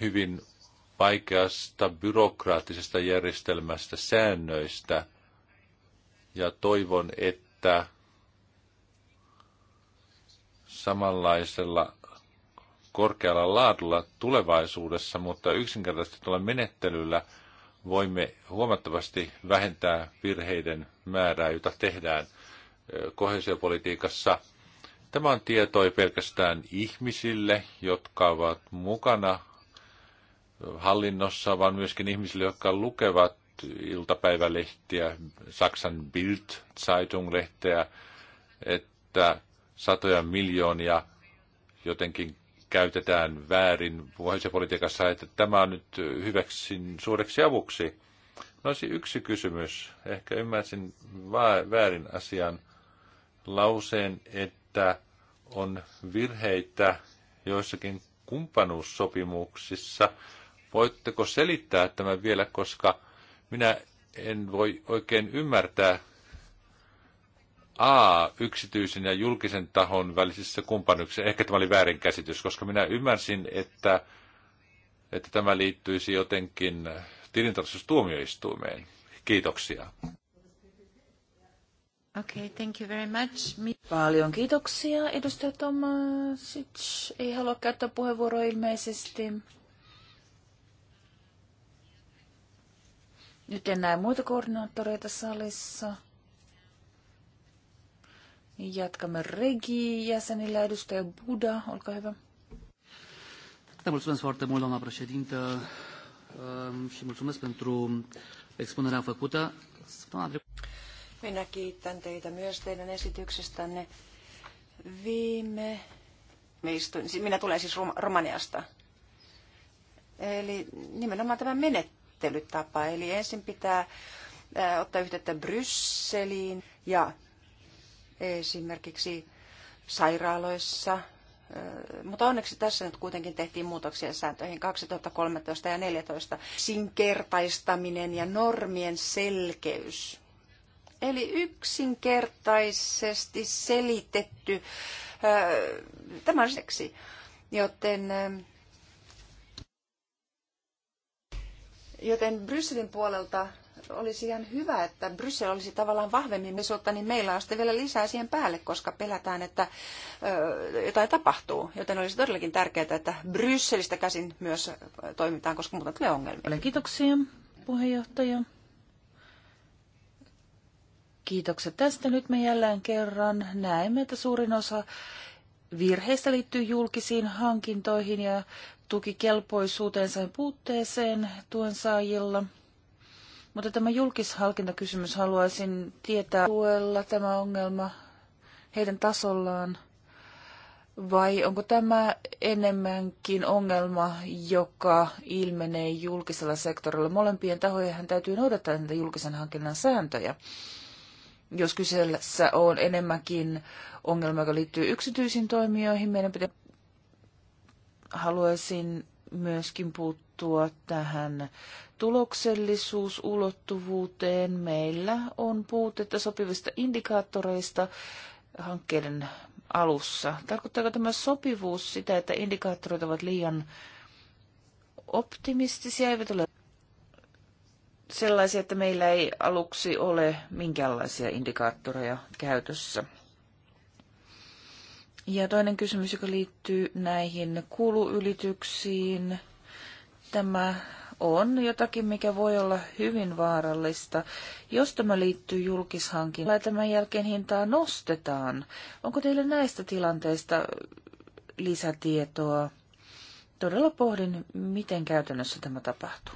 hyvin vaikeasta byrokraattisesta järjestelmästä, säännöistä. Ja toivon, että samanlaisella korkealla laadulla tulevaisuudessa, mutta yksinkertaisesti tuolla menettelyllä voimme huomattavasti vähentää virheiden määrää, jota tehdään kohesiopolitiikassa. Tämä on tieto ei pelkästään ihmisille, jotka ovat mukana hallinnossa, vaan myöskin ihmisille, jotka lukevat iltapäivälehtiä, Saksan Bild-Zeitung-lehteä, että satoja miljoonia jotenkin käytetään väärin pohjoispolitiikassa, että tämä on nyt hyväksin suureksi avuksi. No yksi kysymys. Ehkä ymmärsin väärin asian lauseen, että on virheitä joissakin kumppanuussopimuksissa. Voitteko selittää tämän vielä, koska minä en voi oikein ymmärtää, A yksityisen ja julkisen tahon välisissä kumppanuksissa. Ehkä tämä oli väärinkäsitys, koska minä ymmärsin, että, että tämä liittyisi jotenkin tilintarkastustuomioistuimeen. Kiitoksia. Okay, thank you very much. Paljon kiitoksia, edustaja Tomasic. Ei halua käyttää puheenvuoroa ilmeisesti. Nyt en näe muita koordinaattoreita salissa. Jatkamme Regi-jäsenillä. Edustaja Buda, olkaa hyvä. Da, mulțumesc foarte mult, doamna președintă, ehm, și mulțumesc pentru expunerea făcută. Minä kiitän teitä myös teidän esityksestänne. Viime... istuin, siis minä tulen siis Romaniasta. Eli nimenomaan tämä menettelytapa. Eli ensin pitää ottaa yhteyttä Brysseliin ja esimerkiksi sairaaloissa, mutta onneksi tässä nyt kuitenkin tehtiin muutoksia sääntöihin 2013 ja 2014. Yksinkertaistaminen ja normien selkeys. Eli yksinkertaisesti selitetty tämä on seksi, joten Joten Brysselin puolelta olisi ihan hyvä, että Bryssel olisi tavallaan vahvemmin mesulta, niin meillä on sitten vielä lisää siihen päälle, koska pelätään, että jotain tapahtuu. Joten olisi todellakin tärkeää, että Brysselistä käsin myös toimitaan, koska muuten tulee ongelmia. Olen kiitoksia, puheenjohtaja. Kiitokset tästä. Nyt me jälleen kerran näemme, että suurin osa virheistä liittyy julkisiin hankintoihin ja tukikelpoisuuteensa ja puutteeseen tuen saajilla – mutta tämä julkishalkintakysymys haluaisin tietää, tuella tämä ongelma heidän tasollaan, vai onko tämä enemmänkin ongelma, joka ilmenee julkisella sektorilla? Molempien tahojenhan täytyy noudattaa näitä julkisen hankinnan sääntöjä. Jos kyseessä on enemmänkin ongelma, joka liittyy yksityisiin toimijoihin, meidän pitää... Haluaisin myöskin puuttua tähän tuloksellisuusulottuvuuteen meillä on puutetta sopivista indikaattoreista hankkeiden alussa. Tarkoittaako tämä sopivuus sitä, että indikaattorit ovat liian optimistisia, eivät ole sellaisia, että meillä ei aluksi ole minkäänlaisia indikaattoreja käytössä? Ja toinen kysymys, joka liittyy näihin kuluylityksiin. Tämä on jotakin, mikä voi olla hyvin vaarallista. Jos tämä liittyy julkishankintaan, tämän jälkeen hintaa nostetaan. Onko teillä näistä tilanteista lisätietoa? Todella pohdin, miten käytännössä tämä tapahtuu.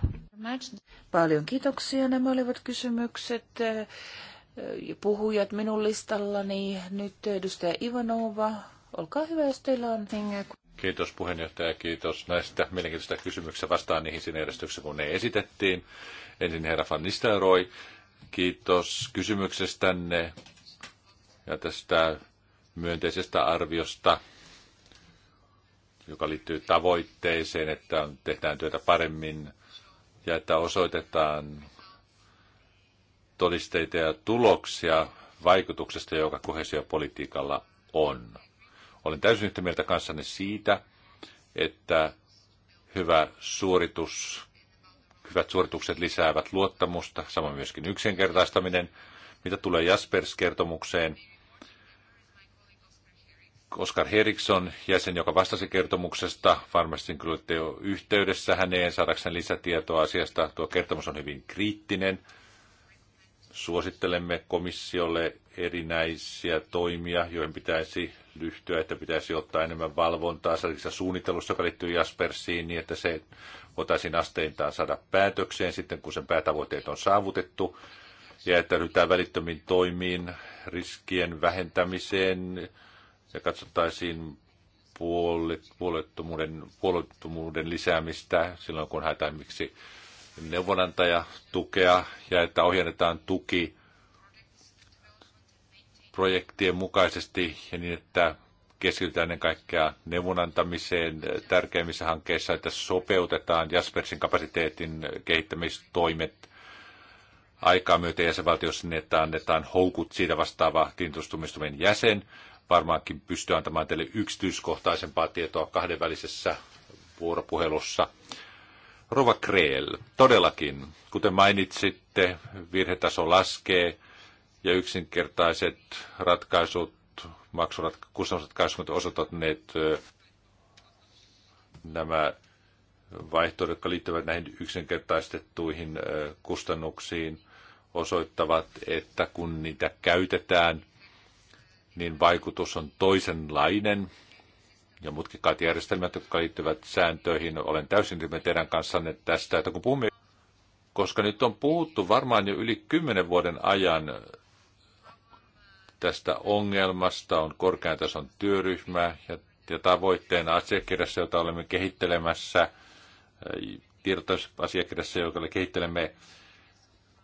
Paljon kiitoksia. Nämä olivat kysymykset puhujat minun listallani. Nyt edustaja Ivanova, olkaa hyvä, jos teillä on Kiitos puheenjohtaja, kiitos näistä mielenkiintoisista kysymyksistä. Vastaan niihin siinä järjestyksessä, kun ne esitettiin. Ensin herra Van Nistelrooy, kiitos kysymyksestänne ja tästä myönteisestä arviosta, joka liittyy tavoitteeseen, että tehdään työtä paremmin ja että osoitetaan todisteita ja tuloksia vaikutuksesta, joka kohesiopolitiikalla on. Olen täysin yhtä mieltä kanssanne siitä, että hyvä suoritus, hyvät suoritukset lisäävät luottamusta, samoin myöskin yksinkertaistaminen. Mitä tulee Jaspers-kertomukseen, Oskar Herikson jäsen, joka vastasi kertomuksesta. Varmasti kyllä olette jo yhteydessä häneen saadakseen lisätietoa asiasta. Tuo kertomus on hyvin kriittinen. Suosittelemme komissiolle erinäisiä toimia, joihin pitäisi lyhtyä, että pitäisi ottaa enemmän valvontaa sellaisessa suunnittelussa, joka liittyy Jaspersiin, niin että se voitaisiin asteintaan saada päätökseen sitten, kun sen päätavoitteet on saavutettu, ja että ryhdytään välittömiin toimiin riskien vähentämiseen ja katsottaisiin puolettomuuden, puolettomuuden lisäämistä silloin, kun haetaan miksi neuvonantaja tukea ja että ohjannetaan tuki projektien mukaisesti ja niin, että keskitytään ennen kaikkea neuvonantamiseen tärkeimmissä hankkeissa, että sopeutetaan Jaspersin kapasiteetin kehittämistoimet aikaa myöten jäsenvaltiossa niin, että annetaan houkut siitä vastaava kiinnostumistuminen jäsen. Varmaankin pystyy antamaan teille yksityiskohtaisempaa tietoa kahdenvälisessä vuoropuhelussa. Rova Kreel, todellakin, kuten mainitsitte, virhetaso laskee – ja yksinkertaiset ratkaisut, maksurat, kustannusratkaisut osoittavat ne, nämä vaihtoehdot, jotka liittyvät näihin yksinkertaistettuihin kustannuksiin, osoittavat, että kun niitä käytetään, niin vaikutus on toisenlainen. Ja mutkikkaat järjestelmät, jotka liittyvät sääntöihin, olen täysin ryhmä teidän kanssanne tästä, että kun puhumme, koska nyt on puhuttu varmaan jo yli kymmenen vuoden ajan tästä ongelmasta on korkean tason työryhmä ja, ja tavoitteena asiakirjassa, jota olemme kehittelemässä, äh, tiedotusasiakirjassa, jota kehittelemme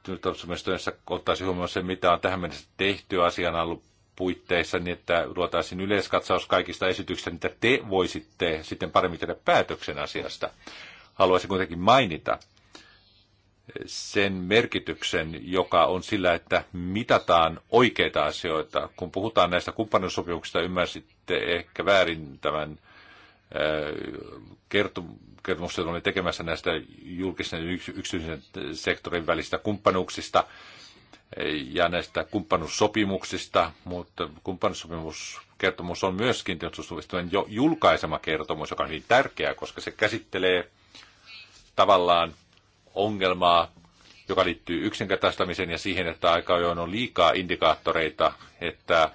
työllisyystoimistoissa, ottaisi huomioon se, mitä on tähän mennessä tehty asian puitteissa, niin että luotaisiin yleiskatsaus kaikista esityksistä, mitä te voisitte sitten paremmin tehdä päätöksen asiasta. Haluaisin kuitenkin mainita, sen merkityksen, joka on sillä, että mitataan oikeita asioita. Kun puhutaan näistä kumppanuussopimuksista, ymmärsitte ehkä väärin tämän äh, kertomuksen olin tekemässä näistä julkisen ja yksityisen sektorin välistä kumppanuuksista äh, ja näistä kumppanuussopimuksista, mutta kumppanuussopimuskertomus on myöskin jo julkaisema kertomus, joka on hyvin tärkeä, koska se käsittelee tavallaan ongelmaa, joka liittyy yksinkertaistamiseen ja siihen, että aika ajoin on liikaa indikaattoreita, että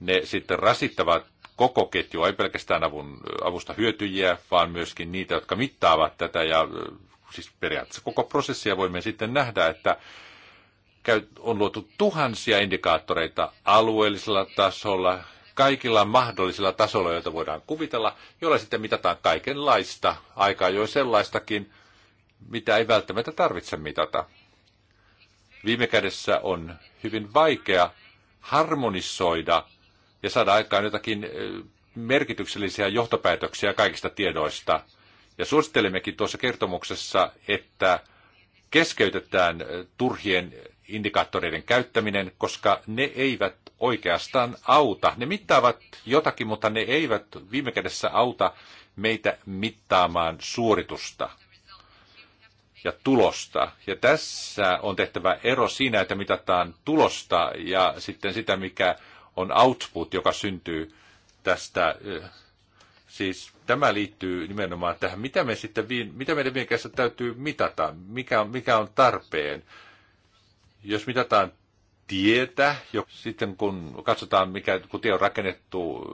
ne sitten rasittavat koko ketjua, ei pelkästään avun, avusta hyötyjiä, vaan myöskin niitä, jotka mittaavat tätä. Ja siis periaatteessa koko prosessia voimme sitten nähdä, että on luotu tuhansia indikaattoreita alueellisella tasolla, kaikilla mahdollisilla tasoilla, joita voidaan kuvitella, joilla sitten mitataan kaikenlaista, aikaa jo sellaistakin, mitä ei välttämättä tarvitse mitata. Viime kädessä on hyvin vaikea harmonisoida ja saada aikaan jotakin eh, merkityksellisiä johtopäätöksiä kaikista tiedoista. Ja suosittelemmekin tuossa kertomuksessa, että keskeytetään eh, turhien indikaattoreiden käyttäminen, koska ne eivät oikeastaan auta. Ne mittaavat jotakin, mutta ne eivät viime kädessä auta meitä mittaamaan suoritusta ja tulosta. Ja tässä on tehtävä ero siinä, että mitataan tulosta ja sitten sitä, mikä on output, joka syntyy tästä. Eh, siis tämä liittyy nimenomaan tähän, mitä, me sitten, mitä meidän viime täytyy mitata, mikä mikä on tarpeen. Jos mitataan tietä, jo, sitten kun katsotaan, mikä, kun tie on rakennettu,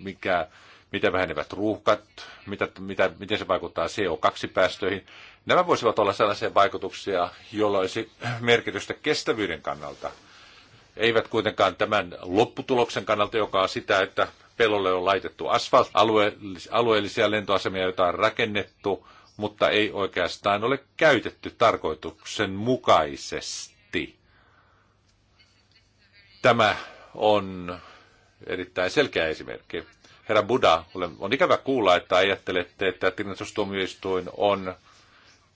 mikä mitä vähenevät ruuhkat, mitä, mitä, miten se vaikuttaa CO2-päästöihin. Nämä voisivat olla sellaisia vaikutuksia, joilla olisi merkitystä kestävyyden kannalta. Eivät kuitenkaan tämän lopputuloksen kannalta, joka on sitä, että pelolle on laitettu asfalt, alueellisia lentoasemia, joita on rakennettu, mutta ei oikeastaan ole käytetty tarkoituksen mukaisesti. Tämä on erittäin selkeä esimerkki. Herra Buddha on ikävä kuulla, että ajattelette, että tilintarkastustuomioistuin on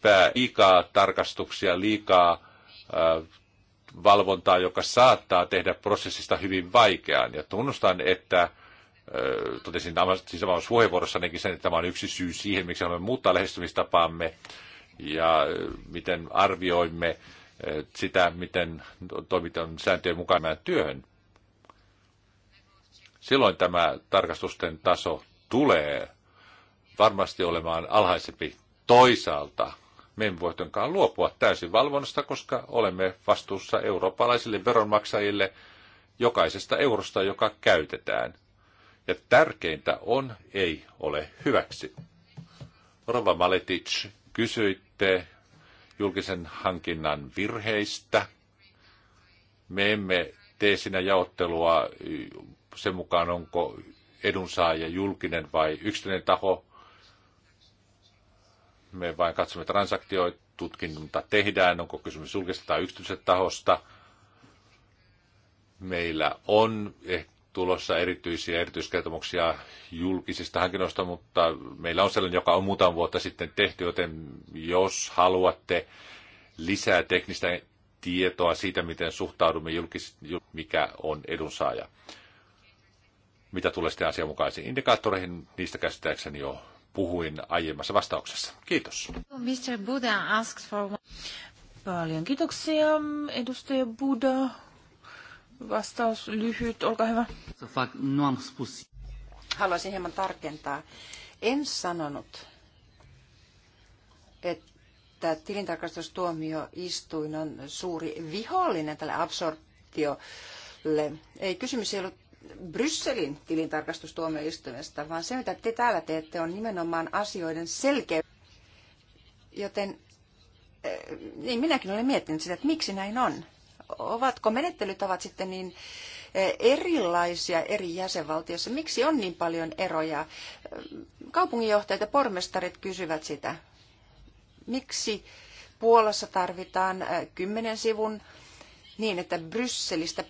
pää liikaa tarkastuksia, liikaa äh, valvontaa, joka saattaa tehdä prosessista hyvin vaikean. Ja tunnustan, että äh, totesin siis omassa puheenvuorossanikin sen, että tämä on yksi syy siihen, miksi haluamme muuttaa lähestymistapaamme ja äh, miten arvioimme sitä, miten toimitaan sääntöjen mukaan työhön silloin tämä tarkastusten taso tulee varmasti olemaan alhaisempi. Toisaalta me emme voi luopua täysin valvonnasta, koska olemme vastuussa eurooppalaisille veronmaksajille jokaisesta eurosta, joka käytetään. Ja tärkeintä on, ei ole hyväksi. Rova Maletic, kysyitte julkisen hankinnan virheistä. Me emme tee siinä jaottelua sen mukaan, onko edunsaaja julkinen vai yksityinen taho. Me vain katsomme transaktioita, tutkinta tehdään, onko kysymys julkisesta tai yksityisestä tahosta. Meillä on ehkä tulossa erityisiä erityiskertomuksia julkisista hankinnoista, mutta meillä on sellainen, joka on muutaman vuotta sitten tehty, joten jos haluatte lisää teknistä tietoa siitä, miten suhtaudumme julkis, mikä on edunsaaja. Mitä tulee sitten asianmukaisiin indikaattoreihin, niistä käsittääkseni jo puhuin aiemmassa vastauksessa. Kiitos. Mr. Buddha asks for... Paljon kiitoksia, edustaja Buddha. Vastaus lyhyt, olkaa hyvä. Haluaisin hieman tarkentaa. En sanonut, että tilintarkastustuomioistuin on suuri vihollinen tälle absorptiolle. Ei kysymys ei ollut Brysselin tilintarkastustuomioistuimesta, vaan se, mitä te täällä teette, on nimenomaan asioiden selkeä. Joten eh, niin minäkin olen miettinyt sitä, että miksi näin on. Ovatko menettelytavat sitten niin eh, erilaisia eri jäsenvaltioissa? Miksi on niin paljon eroja? Eh, kaupunginjohtajat ja pormestarit kysyvät sitä. Miksi Puolassa tarvitaan kymmenen sivun niin, että Brysselistä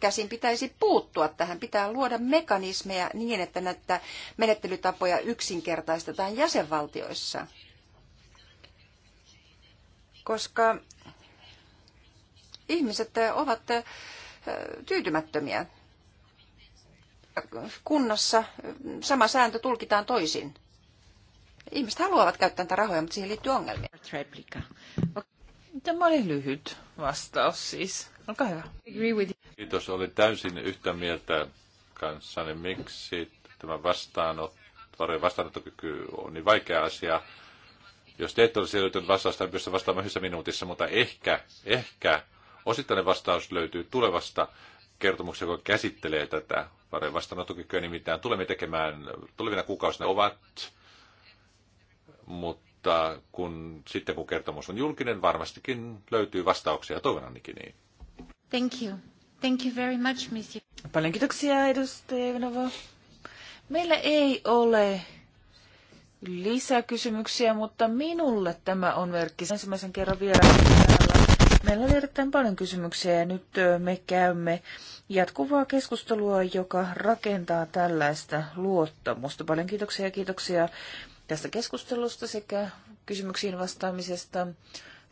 käsin pitäisi puuttua tähän. Pitää luoda mekanismeja niin, että näitä menettelytapoja yksinkertaistetaan jäsenvaltioissa. Koska ihmiset ovat tyytymättömiä. Kunnassa sama sääntö tulkitaan toisin. Ihmiset haluavat käyttää näitä rahoja, mutta siihen liittyy ongelmia. Tämä oli lyhyt vastaus siis. Olkaa hyvä. Kiitos, oli täysin yhtä mieltä kanssani, miksi tämä vastaanotto, vastaanottokyky on niin vaikea asia. Jos te ette olisi löytynyt vastausta, pysty vastaamaan yhdessä minuutissa, mutta ehkä, ehkä osittainen vastaus löytyy tulevasta kertomuksesta, joka käsittelee tätä paremmin vastaanottokykyä. Nimittäin tulemme tekemään tulevina kuukausina ovat, mutta mutta kun, sitten kun kertomus on julkinen, varmastikin löytyy vastauksia. Toivon ainakin niin. Thank you. Thank you very much, Paljon kiitoksia, edustaja Ivanova. Meillä ei ole lisäkysymyksiä, mutta minulle tämä on merkki. Ensimmäisen kerran vielä. täällä. Meillä oli erittäin paljon kysymyksiä ja nyt me käymme jatkuvaa keskustelua, joka rakentaa tällaista luottamusta. Paljon kiitoksia ja kiitoksia tästä keskustelusta sekä kysymyksiin vastaamisesta.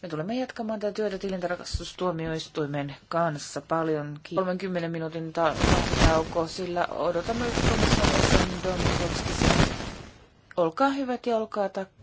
Me tulemme jatkamaan tätä työtä tilintarkastustuomioistuimen kanssa paljon. 30 minuutin tauko, sillä odotamme komissaarissa Domkovskissa. Olkaa hyvät ja olkaa takka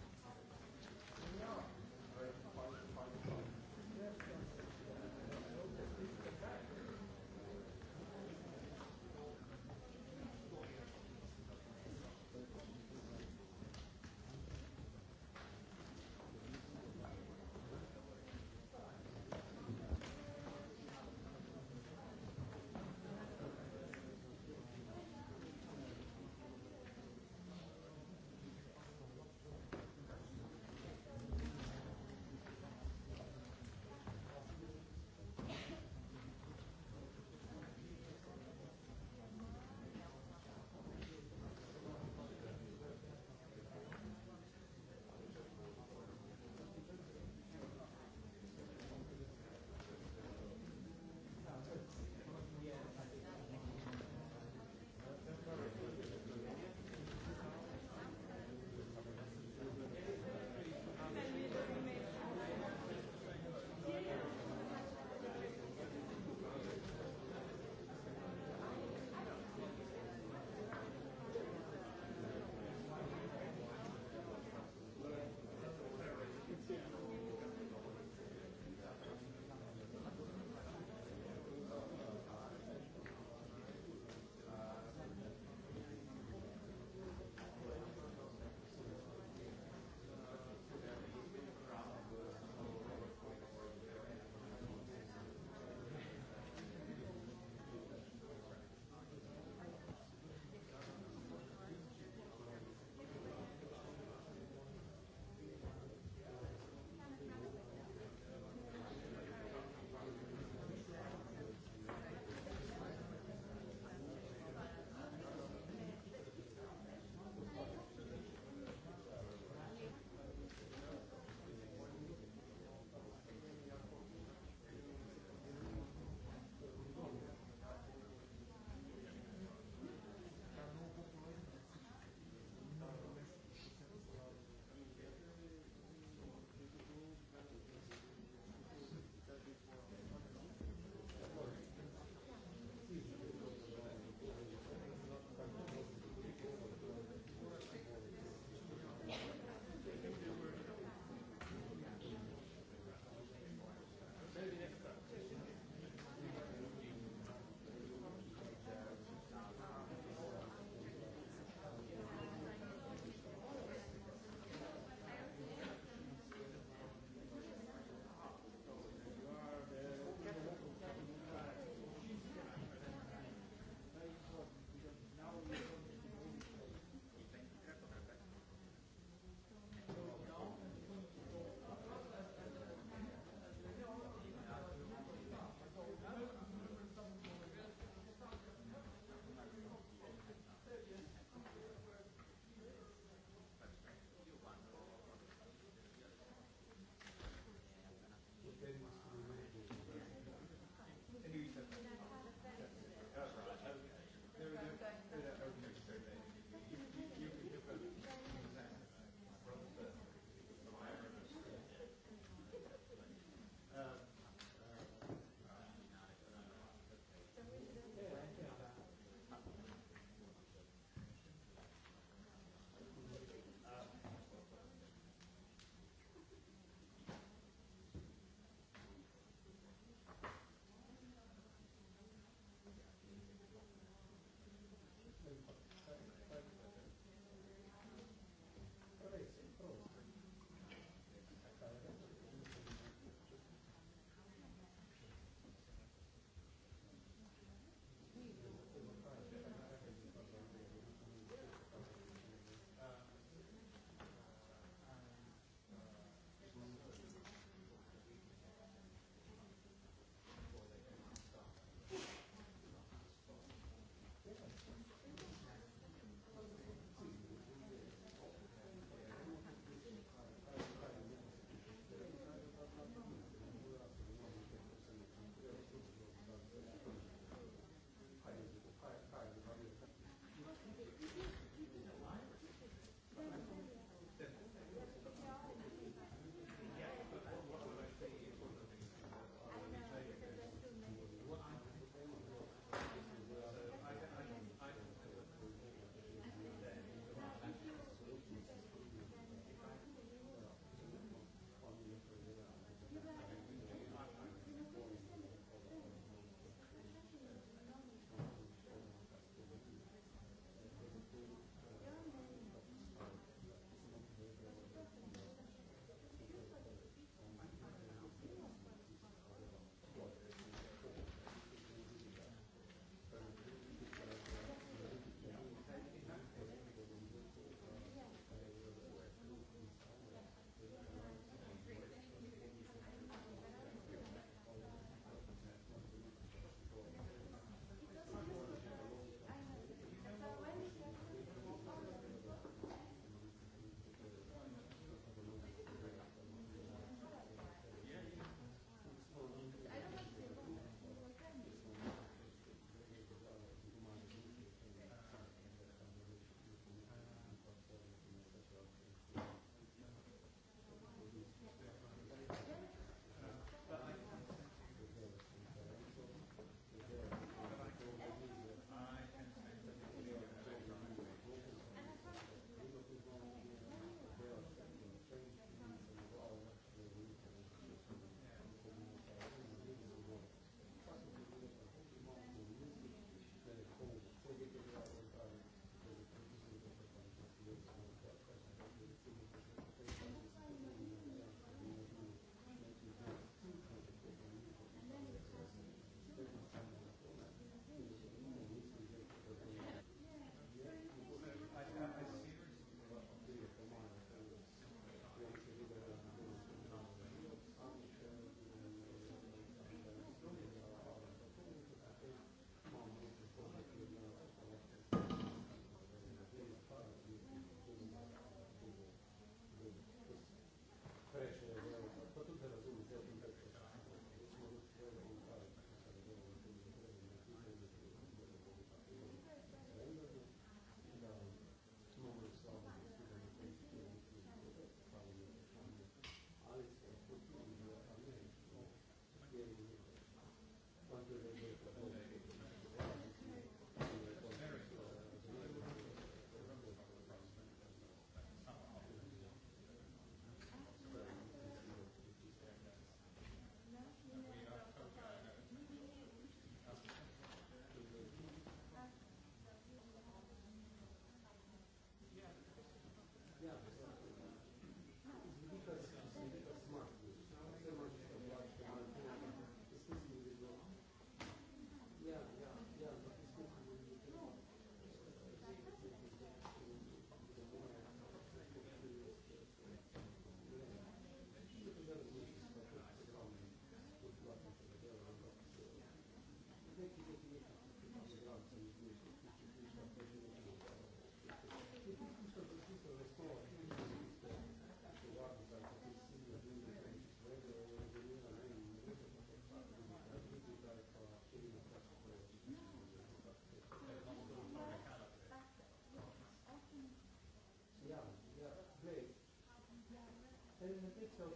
children.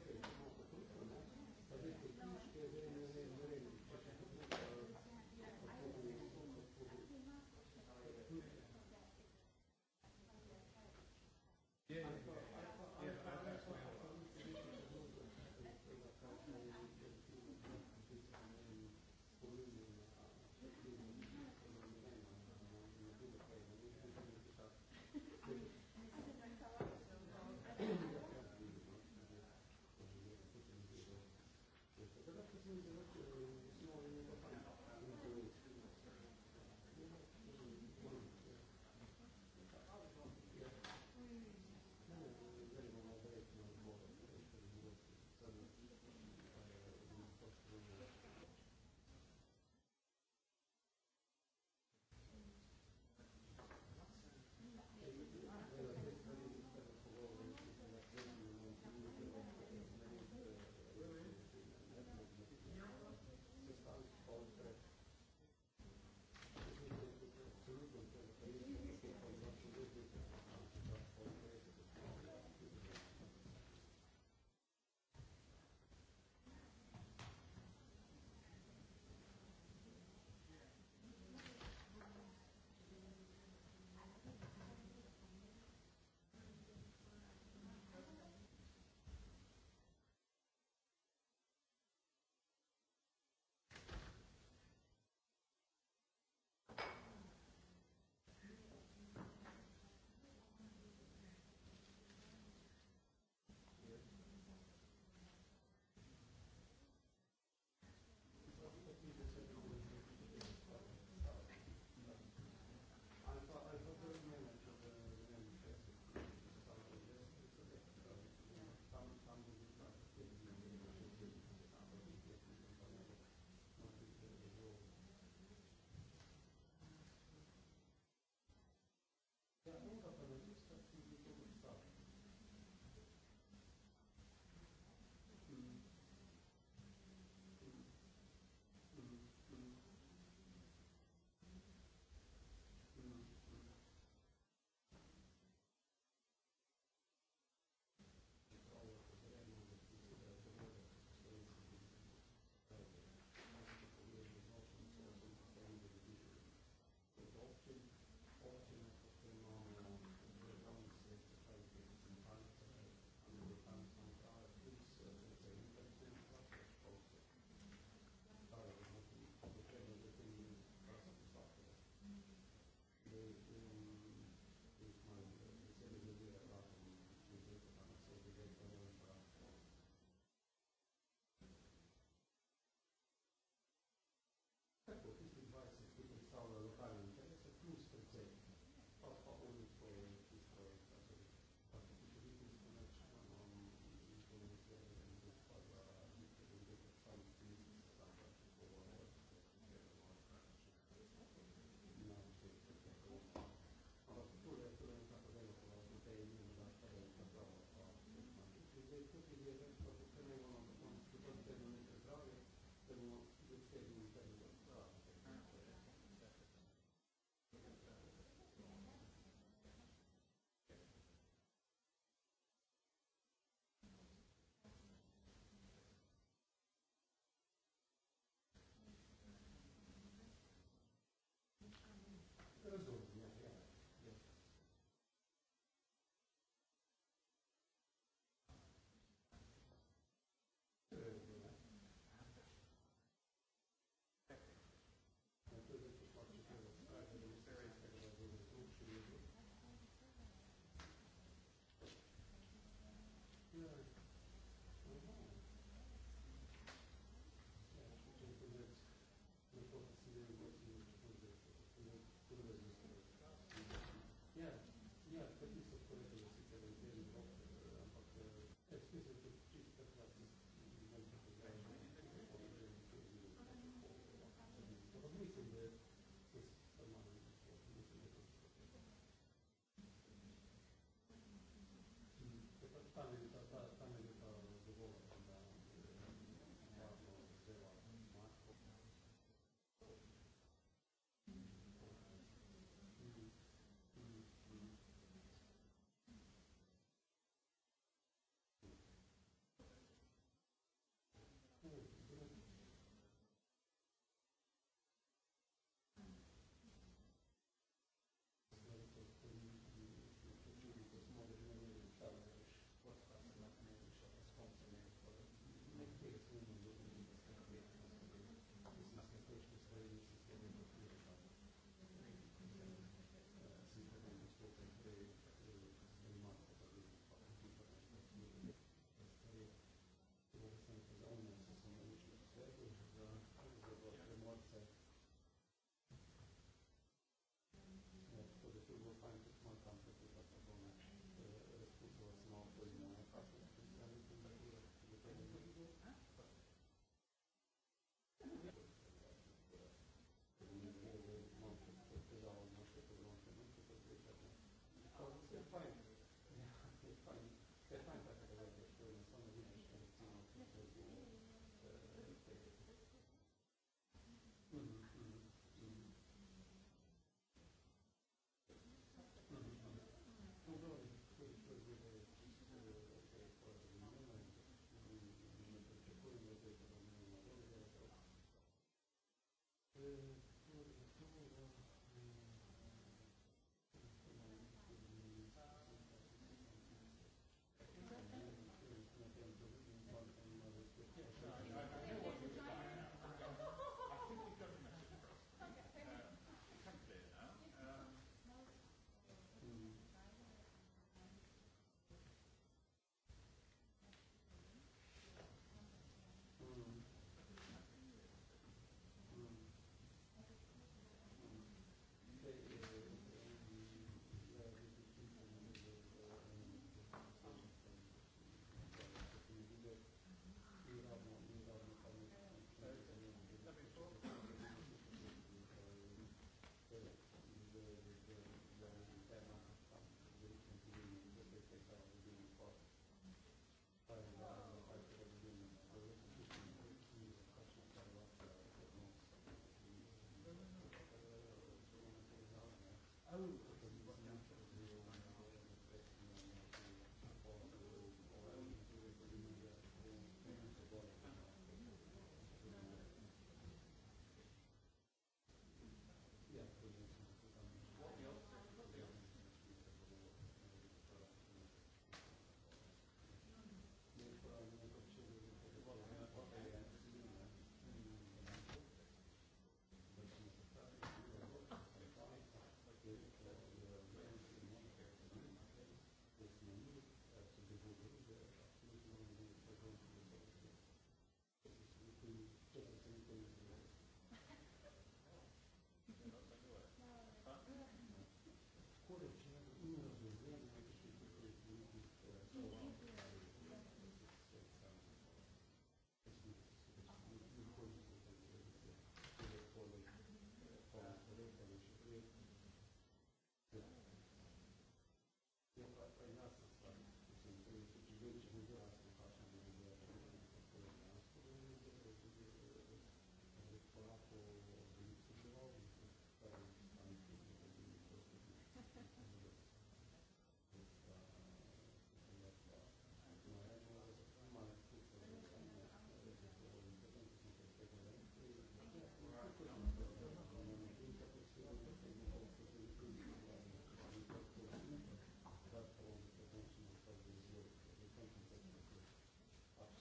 tämän, tämän, tämän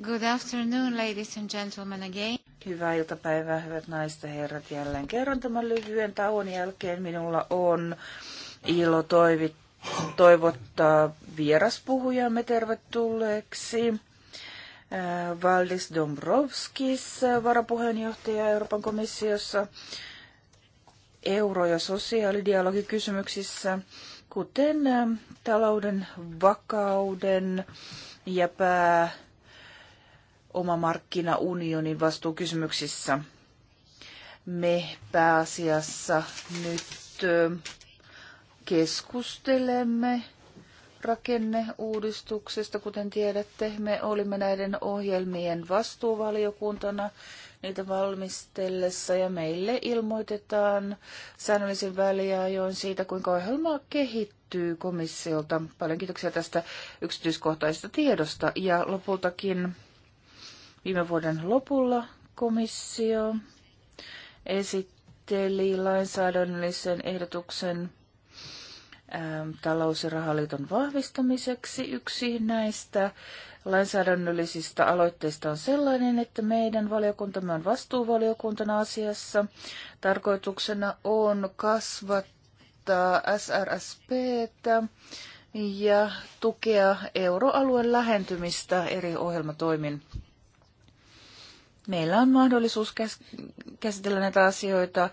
Good afternoon, ladies and gentlemen, again. Hyvää iltapäivää, hyvät naiset ja herrat. Jälleen kerran tämän lyhyen tauon jälkeen minulla on ilo toivit, toivottaa vieraspuhujamme tervetulleeksi. Äh, Valdis Dombrovskis, varapuheenjohtaja Euroopan komissiossa euro- ja sosiaalidialogikysymyksissä, kuten äh, talouden vakauden ja pää oma markkinaunionin vastuukysymyksissä. Me pääasiassa nyt keskustelemme rakenneuudistuksesta. Kuten tiedätte, me olimme näiden ohjelmien vastuuvaliokuntana niitä valmistellessa ja meille ilmoitetaan säännöllisin väliajoin siitä, kuinka ohjelma kehittyy komissiolta. Paljon kiitoksia tästä yksityiskohtaisesta tiedosta ja lopultakin Viime vuoden lopulla komissio esitteli lainsäädännöllisen ehdotuksen ähm, talous- ja rahaliiton vahvistamiseksi. Yksi näistä lainsäädännöllisistä aloitteista on sellainen, että meidän valiokuntamme on vastuuvaliokuntana asiassa. Tarkoituksena on kasvattaa SRSPtä ja tukea euroalueen lähentymistä eri ohjelmatoimin meillä on mahdollisuus käsitellä näitä asioita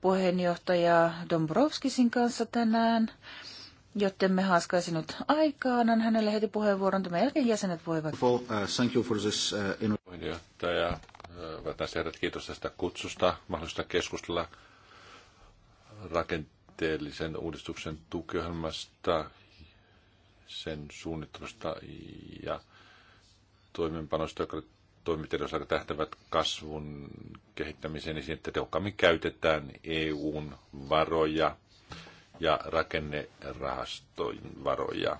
puheenjohtaja Dombrovskisin kanssa tänään, joten me haaskaisi nyt aikaa. Annan hänelle heti puheenvuoron. Tämän jälkeen jäsenet voivat... Uh, thank you for this, uh, puheenjohtaja, uh, hyvät herrat, kiitos tästä kutsusta, mahdollista keskustella rakenteellisen uudistuksen tukiohjelmasta, sen suunnittelusta ja toimenpanosta, joka toimenpiteillä tähtävät kasvun kehittämiseen niin, että tehokkaammin käytetään EUn varoja ja rakennerahastojen varoja.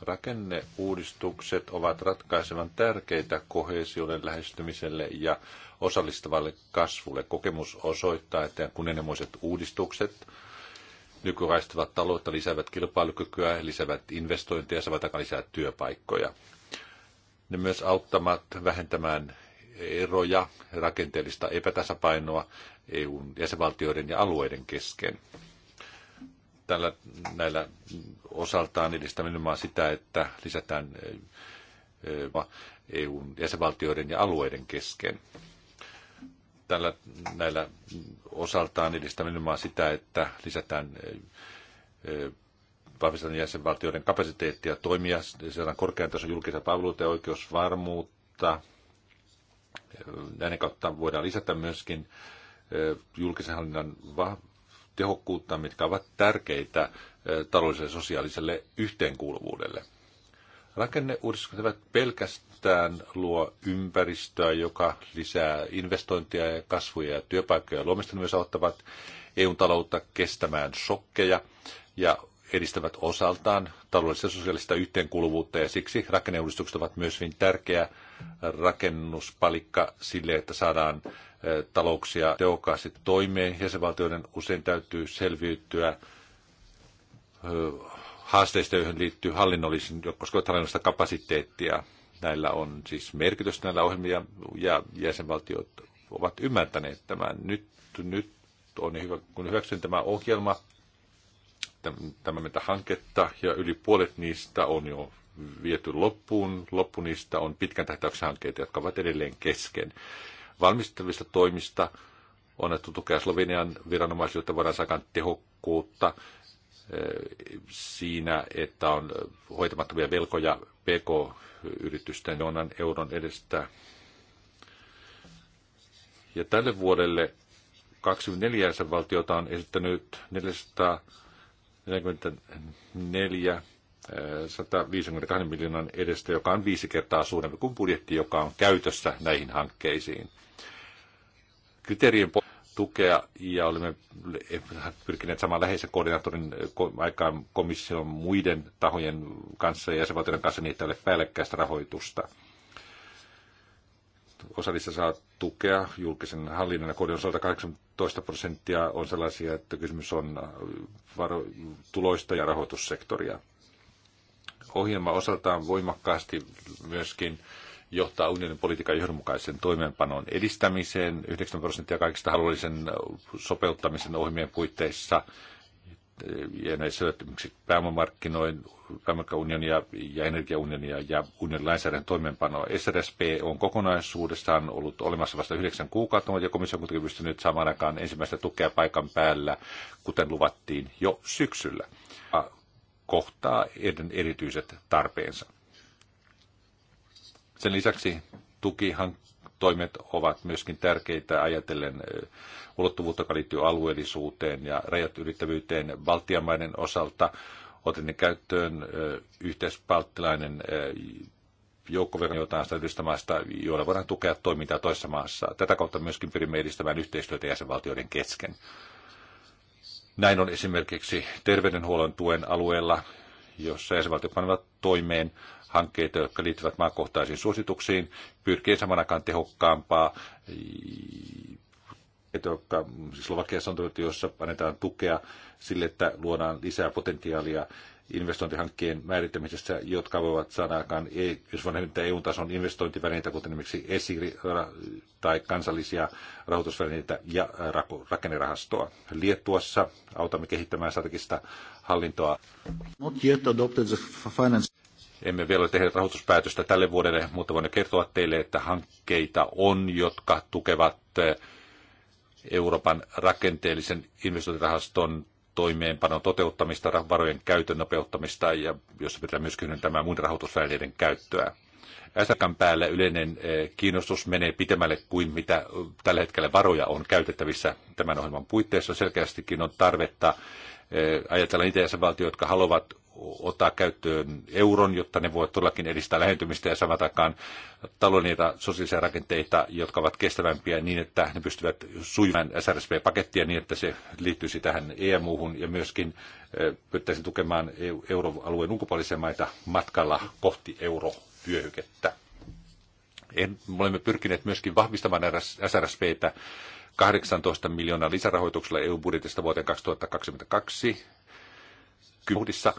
Rakenneuudistukset ovat ratkaisevan tärkeitä kohesioiden lähestymiselle ja osallistavalle kasvulle. Kokemus osoittaa, että kunnianhimoiset uudistukset nykyraistavat taloutta, lisäävät kilpailukykyä, lisäävät investointeja ja saavat lisää työpaikkoja. Ne myös auttamat vähentämään eroja, rakenteellista epätasapainoa EUn jäsenvaltioiden ja alueiden kesken. Tällä, näillä osaltaan edistämme nimenomaan sitä, että lisätään eh, eh, EUn jäsenvaltioiden ja alueiden kesken. Tällä, näillä osaltaan edistämme nimenomaan sitä, että lisätään eh, vahvistetaan jäsenvaltioiden kapasiteettia toimia, saadaan korkean tason julkisia palveluita ja oikeusvarmuutta. Näiden kautta voidaan lisätä myöskin julkisen hallinnan tehokkuutta, mitkä ovat tärkeitä taloudelliselle ja sosiaaliselle yhteenkuuluvuudelle. Rakenneuudistukset eivät pelkästään luo ympäristöä, joka lisää investointia ja kasvuja ja työpaikkoja. Luomista myös auttavat eu taloutta kestämään shokkeja ja edistävät osaltaan taloudellista ja sosiaalista yhteenkuuluvuutta ja siksi rakenneuudistukset ovat myös hyvin tärkeä rakennuspalikka sille, että saadaan talouksia tehokkaasti toimeen. Jäsenvaltioiden usein täytyy selviytyä haasteista, joihin liittyy hallinnollisen, koskevat hallinnollista kapasiteettia. Näillä on siis merkitys näillä ohjelmilla ja jäsenvaltiot ovat ymmärtäneet tämän. Nyt, nyt on hyvä, kun hyväksyn tämä ohjelma, tämän hanketta ja yli puolet niistä on jo viety loppuun. Loppu niistä on pitkän tähtäyksen hankkeita, jotka ovat edelleen kesken. Valmistavista toimista on annettu tukea Slovenian viranomaisille, jotta voidaan saada tehokkuutta eh, siinä, että on hoitamattomia velkoja PK-yritysten jonan euron edestä. Ja tälle vuodelle 24 valtiota on esittänyt 400 44 152 eh, miljoonan edestä, joka on viisi kertaa suurempi kuin budjetti, joka on käytössä näihin hankkeisiin. Kriteerien tukea ja olemme pyrkineet saman läheisen koordinaattorin eh, aikaan komission muiden tahojen kanssa ja jäsenvaltioiden kanssa niitä ole päällekkäistä rahoitusta niistä saa tukea julkisen hallinnan ja kodin osalta 18 prosenttia on sellaisia, että kysymys on äh, varo- tuloista ja rahoitussektoria. Ohjelma osaltaan voimakkaasti myöskin johtaa unionin politiikan johdonmukaisen toimeenpanon edistämiseen 9 prosenttia kaikista haluallisen äh, sopeuttamisen ohjelmien puitteissa – ja näissä yllättömyyksiä pääomamarkkinoin, pääomaunionia ja energiaunionia ja unionin lainsäädännön toimeenpanoa. SRSP on kokonaisuudessaan ollut olemassa vasta yhdeksän kuukautta, mutta komissio on kuitenkin pystynyt saamaan aikaan ensimmäistä tukea paikan päällä, kuten luvattiin jo syksyllä. Kohtaa erityiset tarpeensa. Sen lisäksi tukihankkeet toimet ovat myöskin tärkeitä ajatellen ulottuvuutta, joka liittyy alueellisuuteen ja rajat ylittävyyteen Baltian maiden osalta. Otimme käyttöön yhteispalttilainen joukkoverkon jotain strategista maasta, joilla voidaan tukea toimintaa toisessa maassa. Tätä kautta myöskin pyrimme edistämään yhteistyötä jäsenvaltioiden kesken. Näin on esimerkiksi terveydenhuollon tuen alueella, jossa jäsenvaltiot panevat toimeen hankkeita, jotka liittyvät maakohtaisiin suosituksiin, pyrkii saman aikaan tehokkaampaa, jotka siis Slovakiassa on tullut, jossa annetaan tukea sille, että luodaan lisää potentiaalia investointihankkeen määrittämisessä, jotka voivat saada aikaan, jos on EU-tason e investointivälineitä, kuten esimerkiksi ESIRI tai kansallisia rahoitusvälineitä ja rakennerahastoa. Liettuassa autamme kehittämään strategista hallintoa. Not yet adopted the finance. Emme vielä tehdä tehneet rahoituspäätöstä tälle vuodelle, mutta voin kertoa teille, että hankkeita on, jotka tukevat eh, Euroopan rakenteellisen investointirahaston toimeenpanon toteuttamista, varojen käytön nopeuttamista ja jos pitää myös tämä muiden rahoitusvälineiden käyttöä. SRKn päällä yleinen eh, kiinnostus menee pitemmälle kuin mitä eh, tällä hetkellä varoja on käytettävissä tämän ohjelman puitteissa. Selkeästikin on tarvetta ajatella niitä jäsenvaltioita, jotka haluavat ottaa käyttöön euron, jotta ne voivat todellakin edistää lähentymistä ja samat aikaan taloudellisia sosiaalisia rakenteita, jotka ovat kestävämpiä niin, että ne pystyvät sujumaan SRSP-pakettia niin, että se liittyisi tähän EMU-hun ja myöskin eh, pyrittäisi tukemaan euroalueen ulkopuolisia maita matkalla kohti eurovyöhykettä. Eh, olemme pyrkineet myöskin vahvistamaan SRSPtä 18 miljoonaa lisärahoituksella EU-budjetista vuoteen 2022 kyhdessä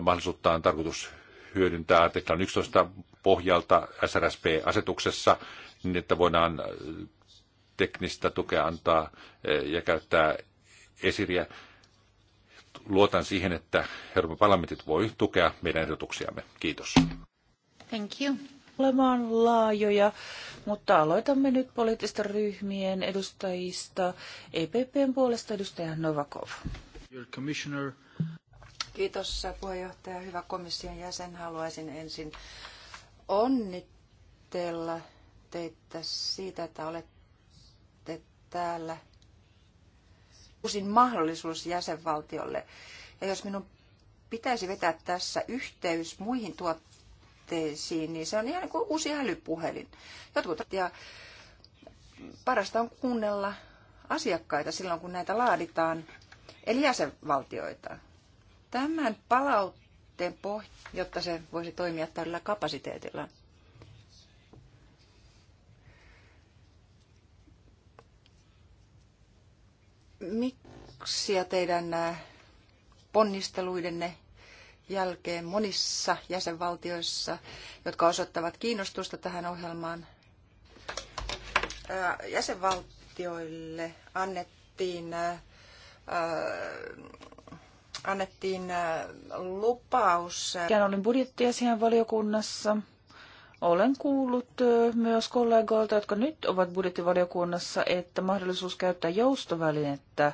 mahdollisuutta on tarkoitus hyödyntää artiklan 11 pohjalta SRSP-asetuksessa niin, että voidaan äh, teknistä tukea antaa äh, ja käyttää esiriä. Luotan siihen, että Euroopan parlamentit voi tukea meidän ehdotuksiamme. Kiitos. Thank you. Olemaan laajoja, mutta aloitamme nyt poliittisten ryhmien edustajista. EPPn puolesta edustaja Novakov. Your commissioner. Kiitos puheenjohtaja. Hyvä komission jäsen. Haluaisin ensin onnitella teitä siitä, että olette täällä uusin mahdollisuus jäsenvaltiolle. Ja jos minun pitäisi vetää tässä yhteys muihin tuotteisiin, niin se on ihan niin kuin uusi älypuhelin. Jotkut ja parasta on kuunnella asiakkaita silloin, kun näitä laaditaan, eli jäsenvaltioita tämän palautteen pohja, jotta se voisi toimia tällä kapasiteetilla. Miksi teidän äh, ponnisteluidenne jälkeen monissa jäsenvaltioissa, jotka osoittavat kiinnostusta tähän ohjelmaan, äh, jäsenvaltioille annettiin äh, annettiin äh, lupaus. Äh, Olin budjettiasian valiokunnassa. Olen kuullut äh, myös kollegoilta, jotka nyt ovat budjettivaliokunnassa, että mahdollisuus käyttää joustovälinettä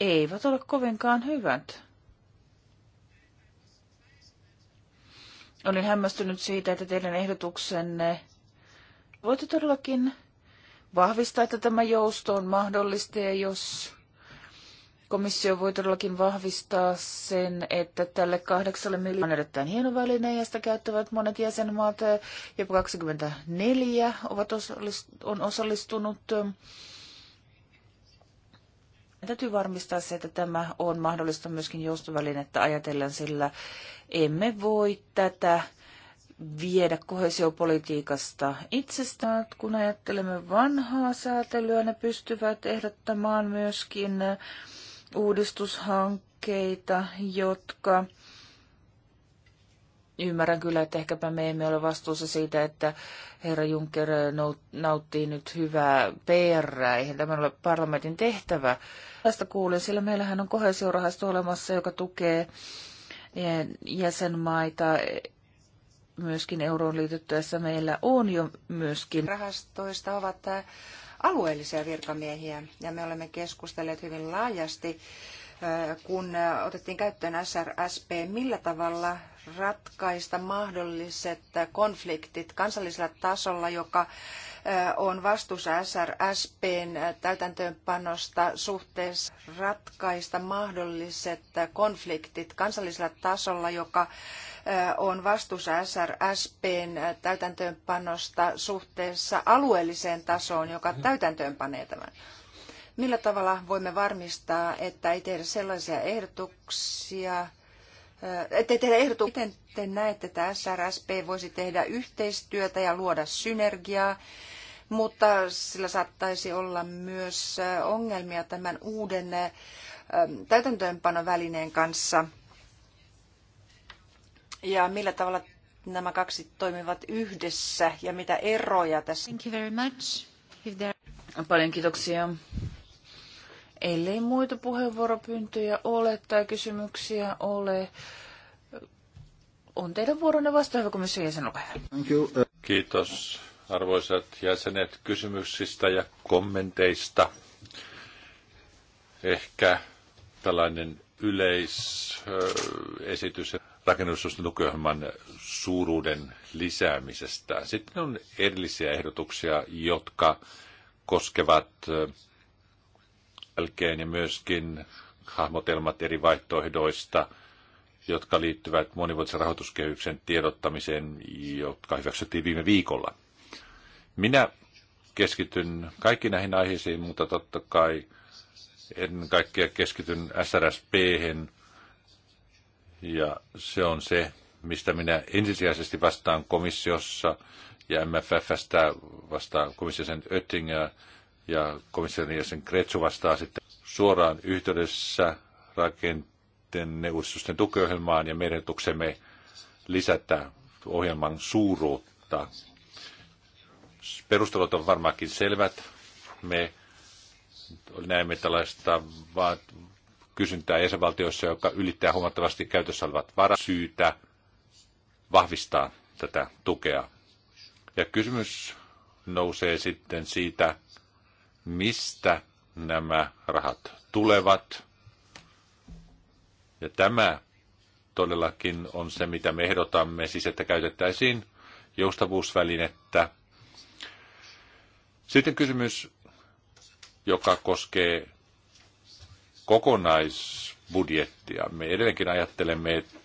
eivät ole kovinkaan hyvät. Olin hämmästynyt siitä, että teidän ehdotuksenne voitte todellakin vahvistaa, että tämä jousto on mahdollista ja jos komissio voi todellakin vahvistaa sen, että tälle kahdeksalle on erittäin hieno väline ja sitä käyttävät monet jäsenmaat, jopa 24 ovat osallist, on osallistunut. Täytyy varmistaa se, että tämä on mahdollista myöskin joustovälinettä ajatellen, sillä emme voi tätä viedä kohesiopolitiikasta itsestään. Kun ajattelemme vanhaa säätelyä, ne pystyvät ehdottamaan myöskin uudistushankkeita, jotka ymmärrän kyllä, että ehkäpä me emme ole vastuussa siitä, että herra Juncker nauttii nyt hyvää PR. Eihän tämä ole parlamentin tehtävä. Tästä kuulin, sillä meillähän on kohesiorahasto olemassa, joka tukee jäsenmaita myöskin euroon liityttäessä meillä on jo myöskin. Rahastoista ovat alueellisia virkamiehiä. Ja me olemme keskustelleet hyvin laajasti, kun otettiin käyttöön SRSP, millä tavalla ratkaista mahdolliset konfliktit kansallisella tasolla, joka on vastuussa SRSPn täytäntöönpanosta suhteessa ratkaista mahdolliset konfliktit kansallisella tasolla, joka on vastuussa SRSPn täytäntöönpanosta suhteessa alueelliseen tasoon, joka mhm. täytäntöönpanee tämän. Millä tavalla voimme varmistaa, että ei tehdä sellaisia ehdotuksia, ettei tehdä ehdotuksia, miten te näette, että SRSP voisi tehdä yhteistyötä ja luoda synergiaa, mutta sillä saattaisi olla myös ongelmia tämän uuden täytäntöönpanovälineen kanssa – ja millä tavalla nämä kaksi toimivat yhdessä ja mitä eroja tässä? Thank you very much. There... Paljon kiitoksia. Ellei muita puheenvuoropyyntöjä ole tai kysymyksiä ole, on teidän vuoronne vastaava komission jäsen, olkaa hyvä. Kiitos arvoisat jäsenet kysymyksistä ja kommenteista. Ehkä tällainen yleisesitys, että rakennusostotukiohjelman suuruuden lisäämisestä. Sitten on erillisiä ehdotuksia, jotka koskevat jälkeen ja myöskin hahmotelmat eri vaihtoehdoista, jotka liittyvät monivuotisen rahoituskehyksen tiedottamiseen, jotka hyväksyttiin viime viikolla. Minä keskityn kaikki näihin aiheisiin, mutta totta kai ennen kaikkea keskityn SRSP-hen, ja se on se, mistä minä ensisijaisesti vastaan komissiossa ja MFFstä vastaan komissiosen Oettinger ja komission jäsen Kretsu vastaa sitten suoraan yhteydessä rakenteen uudistusten tukiohjelmaan ja meidän tuksemme lisätä ohjelman suuruutta. Perustelut on varmaankin selvät. Me näemme tällaista kysyntää jäsenvaltioissa, joka ylittää huomattavasti käytössä olevat varat syytä vahvistaa tätä tukea. Ja kysymys nousee sitten siitä, mistä nämä rahat tulevat. Ja tämä todellakin on se, mitä me ehdotamme, siis että käytettäisiin joustavuusvälinettä. Sitten kysymys, joka koskee kokonaisbudjettiamme. Me edelleenkin ajattelemme, että